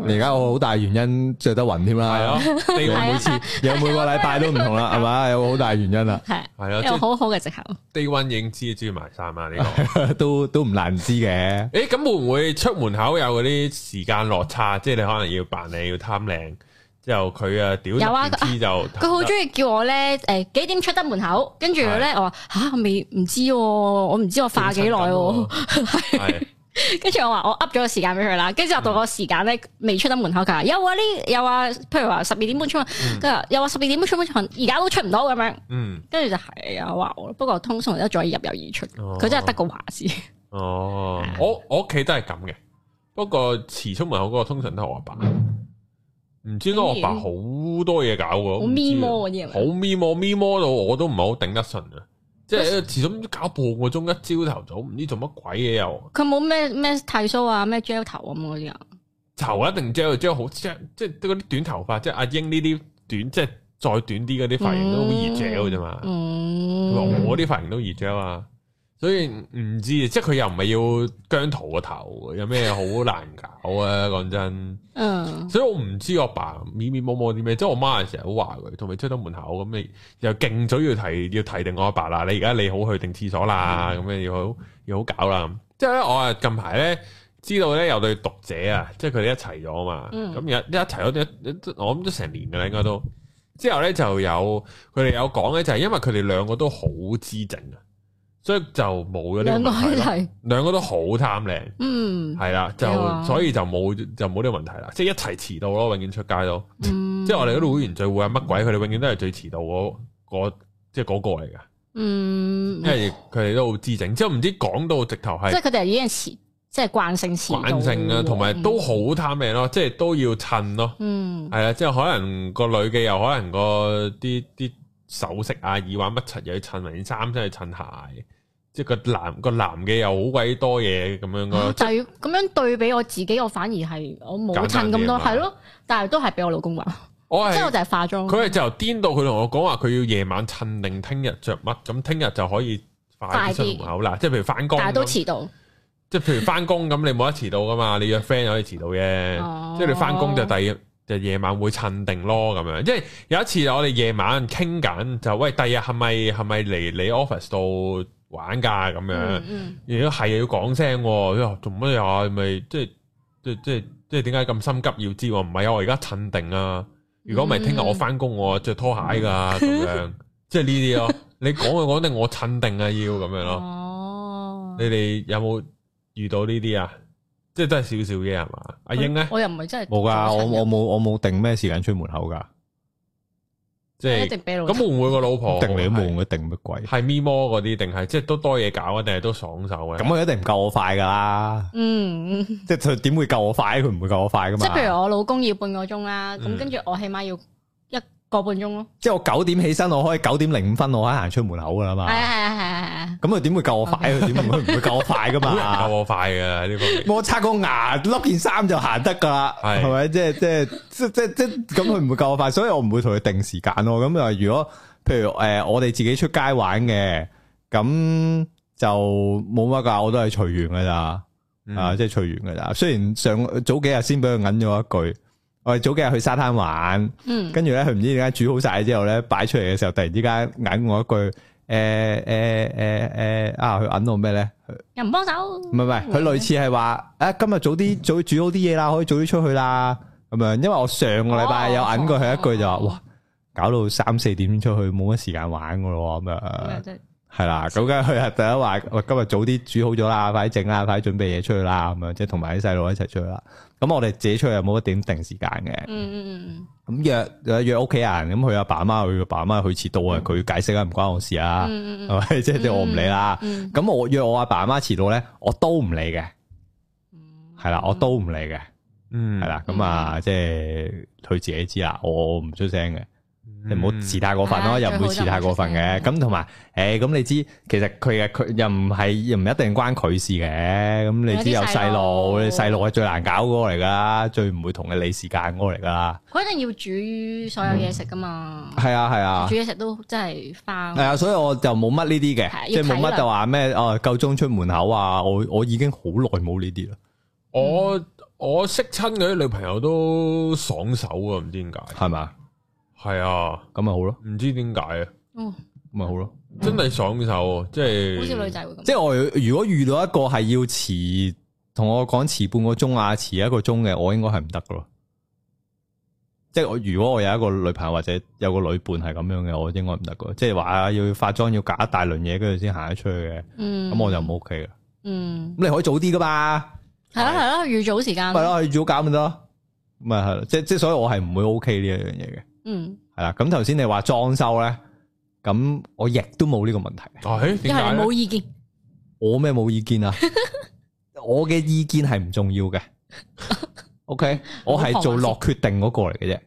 咪而家我好大原因着得暈添啦，你、 哦、每次有、啊、每個禮拜都唔同啦，係嘛有好大原因啦，係係啊，啊，有好好嘅藉口。低溫影知知埋衫啊，呢個 都都唔難知嘅。誒、欸，咁會唔會出門口有嗰啲時間落差？即、就、係、是、你可能要扮靚要貪靚，之後佢啊屌，有啊，知就佢好中意叫我咧，誒，幾點出得門口？跟住咧，我話吓未唔知，我唔知，我，知我化幾耐。 跟住我話我 up 咗個時間俾佢啦，跟住到個時間咧，未出得門口噶，又話呢，又話譬如話十二點半出，跟住又話十二點半出，唔而家都出唔到咁樣，嗯，跟住就係我話我，不過通常都再入又而出，佢真係得個華字。哦，我我屋企都係咁嘅，不過遲出門口嗰個通常都係我阿爸。唔知點解我阿爸好多嘢搞嘅，好咪 e m 啲係咪？好 me m o 到我都唔好頂得順啊！即係麼始終搞半個鐘一朝頭早，唔知做乜鬼嘢又。佢冇咩咩剃鬚啊，咩剪頭咁嗰啲啊？嗯、頭一定剪，剪好剪，即係都嗰啲短頭髮，即係阿英呢啲短，即係再短啲嗰啲髮型都好易剪嘅啫嘛。嗯嗯、我我啲髮型都易剪，嗯、啊。所以唔知，即係佢又唔係要姜濤個頭， 有咩好難搞啊？講真，嗯、所以我唔知我阿爸咪咪摸摸啲咩。即係我媽又成日好話佢，同埋出到門口咁，你又勁早要提要提定我阿爸啦。你而家你好去定廁所啦，咁、嗯、樣要好又好搞啦。即係咧，我啊近排咧知道咧，有對讀者啊，即係佢哋一齊咗啊嘛。咁有、嗯、一齊咗，我諗都成年噶啦，應該都之後咧就有佢哋有講咧，就係、是、因為佢哋兩個都好知整啊。所以就冇咗呢問題咯，兩個都好貪靚，嗯，係啦，就麼所以就冇就冇啲問題啦，即、就、係、是、一齊遲到咯，永遠出街都，嗯、即係我哋嗰度會員聚會係乜鬼？佢哋永遠都係最遲到嗰即係嗰個嚟㗎，就是、嗯，因為佢哋都好資整，即後唔知講到直頭係，即係佢哋已經遲，即係慣性遲，慣性啊，同埋都好貪靚咯，即係都要襯咯，嗯，係啊，即係可能個女嘅又可能、那個啲啲。首飾啊，耳環乜柒又要襯埋件衫，先去襯鞋。即係個男個男嘅，又好鬼多嘢，咁樣咯。就咁樣對比我自己，我反而係我冇襯咁多，係咯。但係都係俾我老公話，即係我是就係化妝。佢係就顛倒，佢同我講話，佢要夜晚襯定聽日着乜，咁聽日就可以快啲出門口啦。即係譬如翻工，但係都遲到。即係譬如翻工咁， 你冇得遲到噶嘛？你約 friend 可以遲到嘅，啊、即係你翻工就第二。就夜晚會襯定咯咁樣，即係有一次我哋夜晚傾緊，就喂，第日係咪係咪嚟你 office 度玩㗎咁樣？如果係要講聲，哎、做乜嘢啊？咪即係即係即係點解咁心急要知？唔係啊，我而家襯定啊！如果唔係聽日我翻工，我着拖鞋㗎咁、啊嗯、樣， 即係呢啲咯。你講就講定，我定，我襯定啊要咁樣咯。哦、你哋有冇遇到呢啲啊？即係都係少少嘅係嘛？嗯、阿英咧，我又唔係真係冇噶，我我冇我冇定咩時間出門口噶，嗯、即係咁會唔會個老婆定你？都冇？會定乜鬼？係咪？memo 嗰啲定係即係都多嘢搞啊？定係都爽手嘅？咁佢一定唔夠我快噶啦。嗯，即係佢點會夠我快？佢唔會夠我快噶嘛？即係譬如我老公要半個鐘啦，咁跟住我起碼要。個半鐘咯，即係我九點起身，我可以九點零五分，我可以行出門口噶啦嘛。係係係係啊，咁啊，佢點會夠我快？佢點唔、嗯 okay. 會唔會夠我快噶嘛？夠我快嘅呢個。我擦個牙，笠件衫就行得噶啦。係咪？ 即係即係即即即咁，佢唔會夠我快，所以我唔會同佢定時間咯。咁啊，如果譬如誒，我哋自己出街玩嘅，咁就冇乜噶，我都係隨緣噶咋。嗯、啊，即係隨緣噶咋。雖然上早幾日先俾佢引咗一句。我哋早幾日去沙灘玩，跟住咧佢唔知點解煮好晒之後咧擺出嚟嘅時候，突然之間揞我一句，誒誒誒誒，啊，佢揞到咩咧？又唔幫手？唔係唔係，佢類似係話，誒、啊，今日早啲、嗯、早煮好啲嘢啦，可以早啲出去啦，咁樣。因為我上個禮拜有揞過佢一句就，就話、哦哦、哇，搞到三四點先出去，冇乜時間玩噶咯咁樣。嗯嗯係啦，咁梗係佢阿仔話，喂，今日早啲煮好咗啦，快啲整啦，快啲準備嘢出去啦，咁樣即係同埋啲細路一齊出去啦。咁我哋自己出去又冇乜點定時間嘅。嗯嗯嗯。咁約約屋企人，咁佢阿爸阿媽，佢阿爸阿媽佢遲到啊，佢解釋啊，唔關我事啊，係咪，嗯？即係即我唔理啦。咁、嗯、我約我阿爸阿媽遲到咧，我都唔理嘅。係啦、嗯，我都唔理嘅，嗯。嗯，係啦，咁啊，即係佢自己知啦，我我唔出聲嘅。你唔好遲太過分咯，又唔會遲太過分嘅。咁同埋，誒，咁你知，其實佢嘅佢又唔係，又唔一定關佢事嘅。咁你知，有細路，細路係最難搞嗰個嚟噶，最唔會同你理時間嗰個嚟噶。佢一定要煮所有嘢食噶嘛？係啊，係啊，煮嘢食都真係翻。係啊，所以我就冇乜呢啲嘅，即係冇乜就話咩哦，夠鐘出門口啊！我我已經好耐冇呢啲啦。我我識親嗰啲女朋友都爽手啊，唔知點解係嘛？係啊，咁咪好咯，唔知點解啊，嗯、哦，咪好咯，真係爽手，啊、嗯。即係、即係好似女仔會咁，即係我如果遇到一個係要遲，同我講遲半個鐘啊，遲一個鐘嘅，我應該係唔得噶咯，即係我如果我有一個女朋友或者有個女伴係咁樣嘅，我應該唔得噶，即係話要化妝要搞一大輪嘢，跟住先行得出去嘅，嗯，咁我就唔 ok 啦，嗯，咁你可以早啲噶嘛，係咯係咯，預早時間，咪咯，預早搞咪得咯，咪係，即即係所以我係唔會 ok 呢一樣嘢嘅。嗯，係啦，咁頭先你話裝修咧，咁我亦都冇呢個問題，啊、點解，又係冇意見，我咩冇意見啊？ 我嘅意見係唔重要嘅，OK，我係做落決定嗰個嚟嘅啫，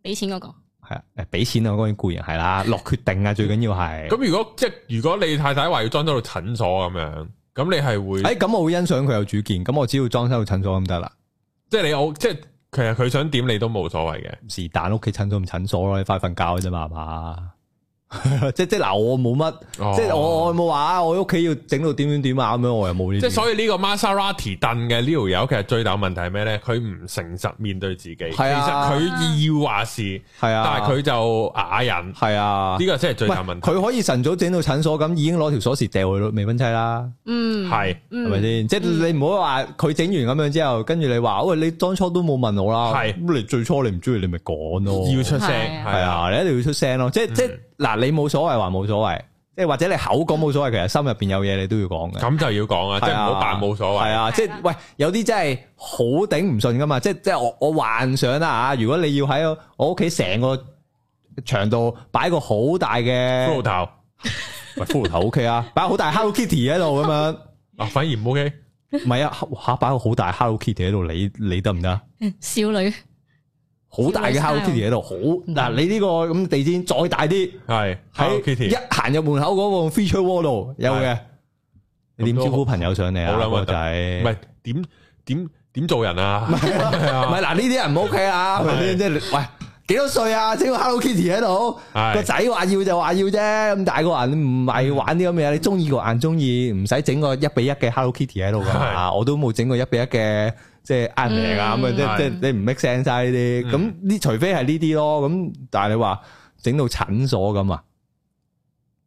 俾 錢嗰、嗰個係啊，誒，俾錢嗰個固然係啦，落決定啊，最緊要係。咁如果即係如果你太太話要裝修到診所咁樣，咁你係會誒？咁、欸、我會欣賞佢有主見，咁我只要裝修到診所咁得啦。即係你我即係。其實佢想點你都冇所謂嘅，是但屋企趁所唔趁所咯，你快瞓覺啫嘛，係嘛？即即嗱，我冇乜，即我我冇話啊，我屋企要整到點點點啊咁樣，我又冇呢。即所以呢個 Maserati 凳嘅呢條友其實最大問題係咩咧？佢唔誠實面對自己，其實佢要話事，係啊，但係佢就啞忍。係啊。呢個真係最大問題。佢可以晨早整到診所咁，已經攞條鎖匙掉去未婚妻啦。嗯，係係咪先？即你唔好話佢整完咁樣之後，跟住你話，喂，你當初都冇問我啦。係咁，你最初你唔中意，你咪講咯，要出聲，係啊，你一定要出聲咯。即即。嗱，你冇所謂話冇所謂，即係或者你口講冇所謂，其實心入邊有嘢你都要講嘅。咁就要講啊，啊，即係唔好扮冇所謂。係啊，即係喂，有啲真係好頂唔順噶嘛，即係即係我我幻想啦、啊、吓，如果你要喺我屋企成個牆度擺個好大嘅骷髏頭，骷髏頭 O K 啊，擺好大 Hello Kitty 喺度咁樣。啊，反而唔 O K，唔係啊，吓擺個好大 Hello Kitty 喺度，你你得唔得？少女。好大嘅 Hello Kitty 喺度，好，嗱你呢個咁地氈再大啲，係喺一行入門口嗰個 feature wall 度有嘅，你點招呼朋友上嚟啊？好啦，個仔，唔係點點點做人啊？唔係嗱呢啲人唔 OK 啊？即係喂。幾多歲啊？整個 Hello Kitty 喺度，個仔話要就話要啫。咁大個你唔係玩啲咁嘅嘢，你中意個硬中意，唔使整個一比一嘅 Hello Kitty 喺度噶。我都冇整過一比一嘅，即係 animal 啊。咁即即你唔 make sense 晒呢啲。咁呢，除非係呢啲咯。咁但係你話整到診所咁啊？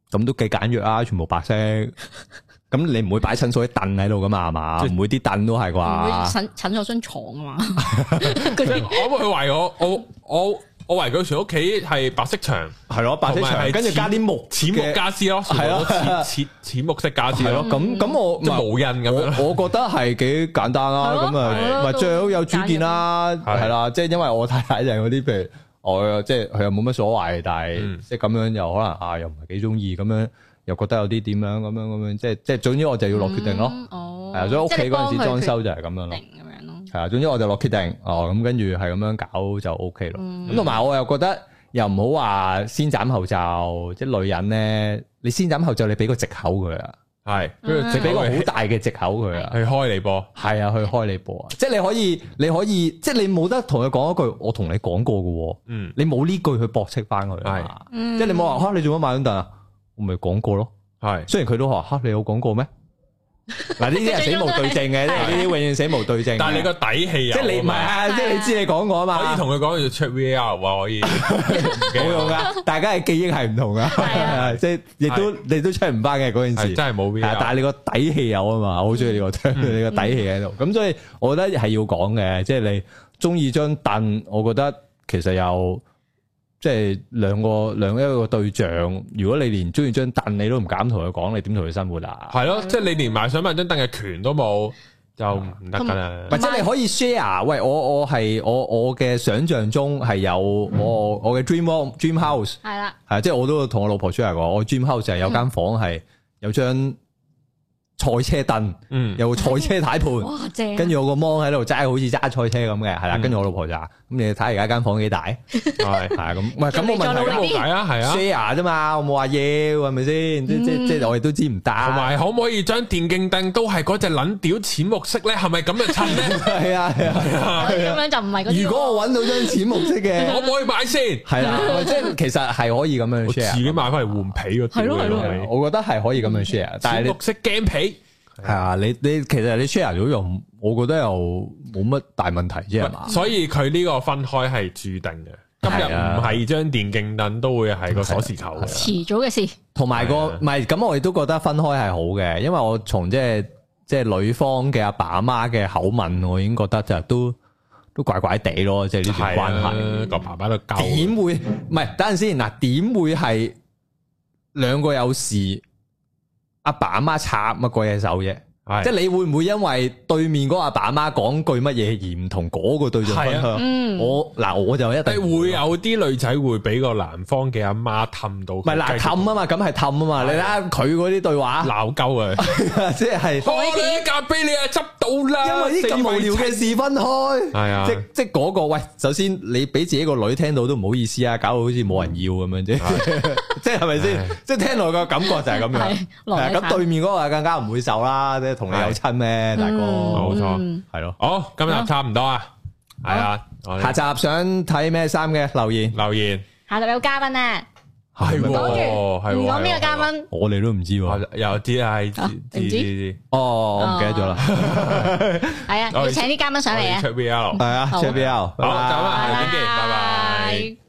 咁都幾簡約啊，全部白色。咁 你唔會擺診所啲凳喺度噶嘛？啊嘛、就是，唔會啲凳都係啩？診咗張床啊嘛。佢我唔會我我我。我懷疑佢全屋企係白色牆，係咯白色牆，跟住加啲木淺木家私咯，係咯淺淺木色家私咯。咁咁我即係冇印咁樣，我覺得係幾簡單啦。咁啊，係最好有主見啦，係啦。即係因為我太太就係嗰啲，譬如我即係佢又冇乜所謂，但係即係咁樣又可能啊，又唔係幾中意咁樣，又覺得有啲點樣咁樣咁樣，即係即係總之我就要落決定咯。哦，所以屋企嗰陣時裝修就係咁樣咯。係啊，總之我就落決定哦，咁跟住係咁樣搞就 OK 咯。咁同埋我又覺得又唔好話先斬後奏，即係女人咧，你先斬後奏，你俾個藉口佢啊。係，跟住就俾個好大嘅藉口佢啊。去開你波，係啊，去開你波啊。即係你可以，你可以，即係你冇得同佢講一句，我同你講過嘅喎。嗯，你冇呢句去駁斥翻佢啊。係是，嗯、即係你冇話，嚇你做乜買咁櫈啊？我咪講過咯。係是，雖然佢都話嚇，你有講過咩？嗱，呢啲係死無對證嘅，呢啲永遠死無對證。但係你個底氣啊，即係你唔係啊，即係你知你講過啊嘛，可以同佢講就出 V R 啊，可以，冇用噶，大家嘅記憶係唔同噶，即係亦都你都出唔翻嘅嗰件事，真係冇 V R。但係你個底氣有啊嘛，我好中意你個底，你個底氣喺度。咁所以我覺得係要講嘅，即係你中意張凳，我覺得其實有。即係兩個兩個一個對象，如果你連中意張凳，你都唔敢同佢講，你點同佢生活啊？係咯、嗯，即係你連埋想買張凳嘅權都冇，就唔得㗎啦。或者、嗯嗯就係、你可以 share，喂，我我係我我嘅想像中係有我我嘅 dream home dream house 係、嗯、啦，係啊，即係我都同我老婆 share 過，我 dream house 就係有間房係有張。嗯嗯賽車凳，又賽車軚盤，跟住我個芒喺度揸，好似揸賽車咁嘅，係啦。跟住我老婆就話咁，你睇而家間房幾大，係係咁。唔係咁，我問題啊，係啊，share 啫嘛，我冇話要係咪先？即即即我哋都知唔得。同埋可唔可以將電競凳都係嗰隻捻屌淺木色咧？係咪咁樣襯咧？係啊係啊，咁樣就唔係嗰。如果我揾到張淺木色嘅，可唔可以買先？係啊，即係其實係可以咁樣 share。自己買翻嚟換皮咯，係咯係咯，我覺得係可以咁樣 share。但係淺綠色 g 皮。係啊，你你其實你 share 咗又，我覺得又冇乜大問題啫嘛。所以佢呢個分開係注定嘅，今日唔係張電競凳都會係個鎖匙扣嘅。遲早嘅事，啊啊，同埋，個唔係咁，啊、我亦都覺得分開係好嘅，因為我從即係即係女方嘅阿爸阿媽嘅口吻，我已經覺得就都都怪怪地咯，即係呢段關係個、啊、爸爸都教點會唔係？等陣先嗱，點會係兩個有事？阿爸阿媽插乜鬼嘢手啫？即係你會唔會因為對面嗰個阿爸阿媽講句乜嘢而唔同嗰個對象分開？我嗱我就一定會有啲女仔會俾個男方嘅阿媽氹到，唔係嗱氹啊嘛，咁係氹啊嘛。你睇下佢嗰啲對話鬧鳩啊，即係我而家俾你執到啦，因為呢啲咁無聊嘅事分開，係啊，即係即係嗰個喂，首先你俾自己個女聽到都唔好意思啊，搞到好似冇人要咁樣啫，即係係咪先？即係聽落個感覺就係咁樣，咁對面嗰個更加唔會受啦。同你有親咩，大哥？冇錯，係咯。好，今日集差唔多啊，係啊。下集想睇咩衫嘅留言，留言。下集有嘉賓啊，係咪？哦，係。唔講邊個嘉賓，我哋都唔知。有啲係，哦，我唔記得咗啦。係啊，要請啲嘉賓上嚟啊。BL，係啊，BL。好，再見，拜拜。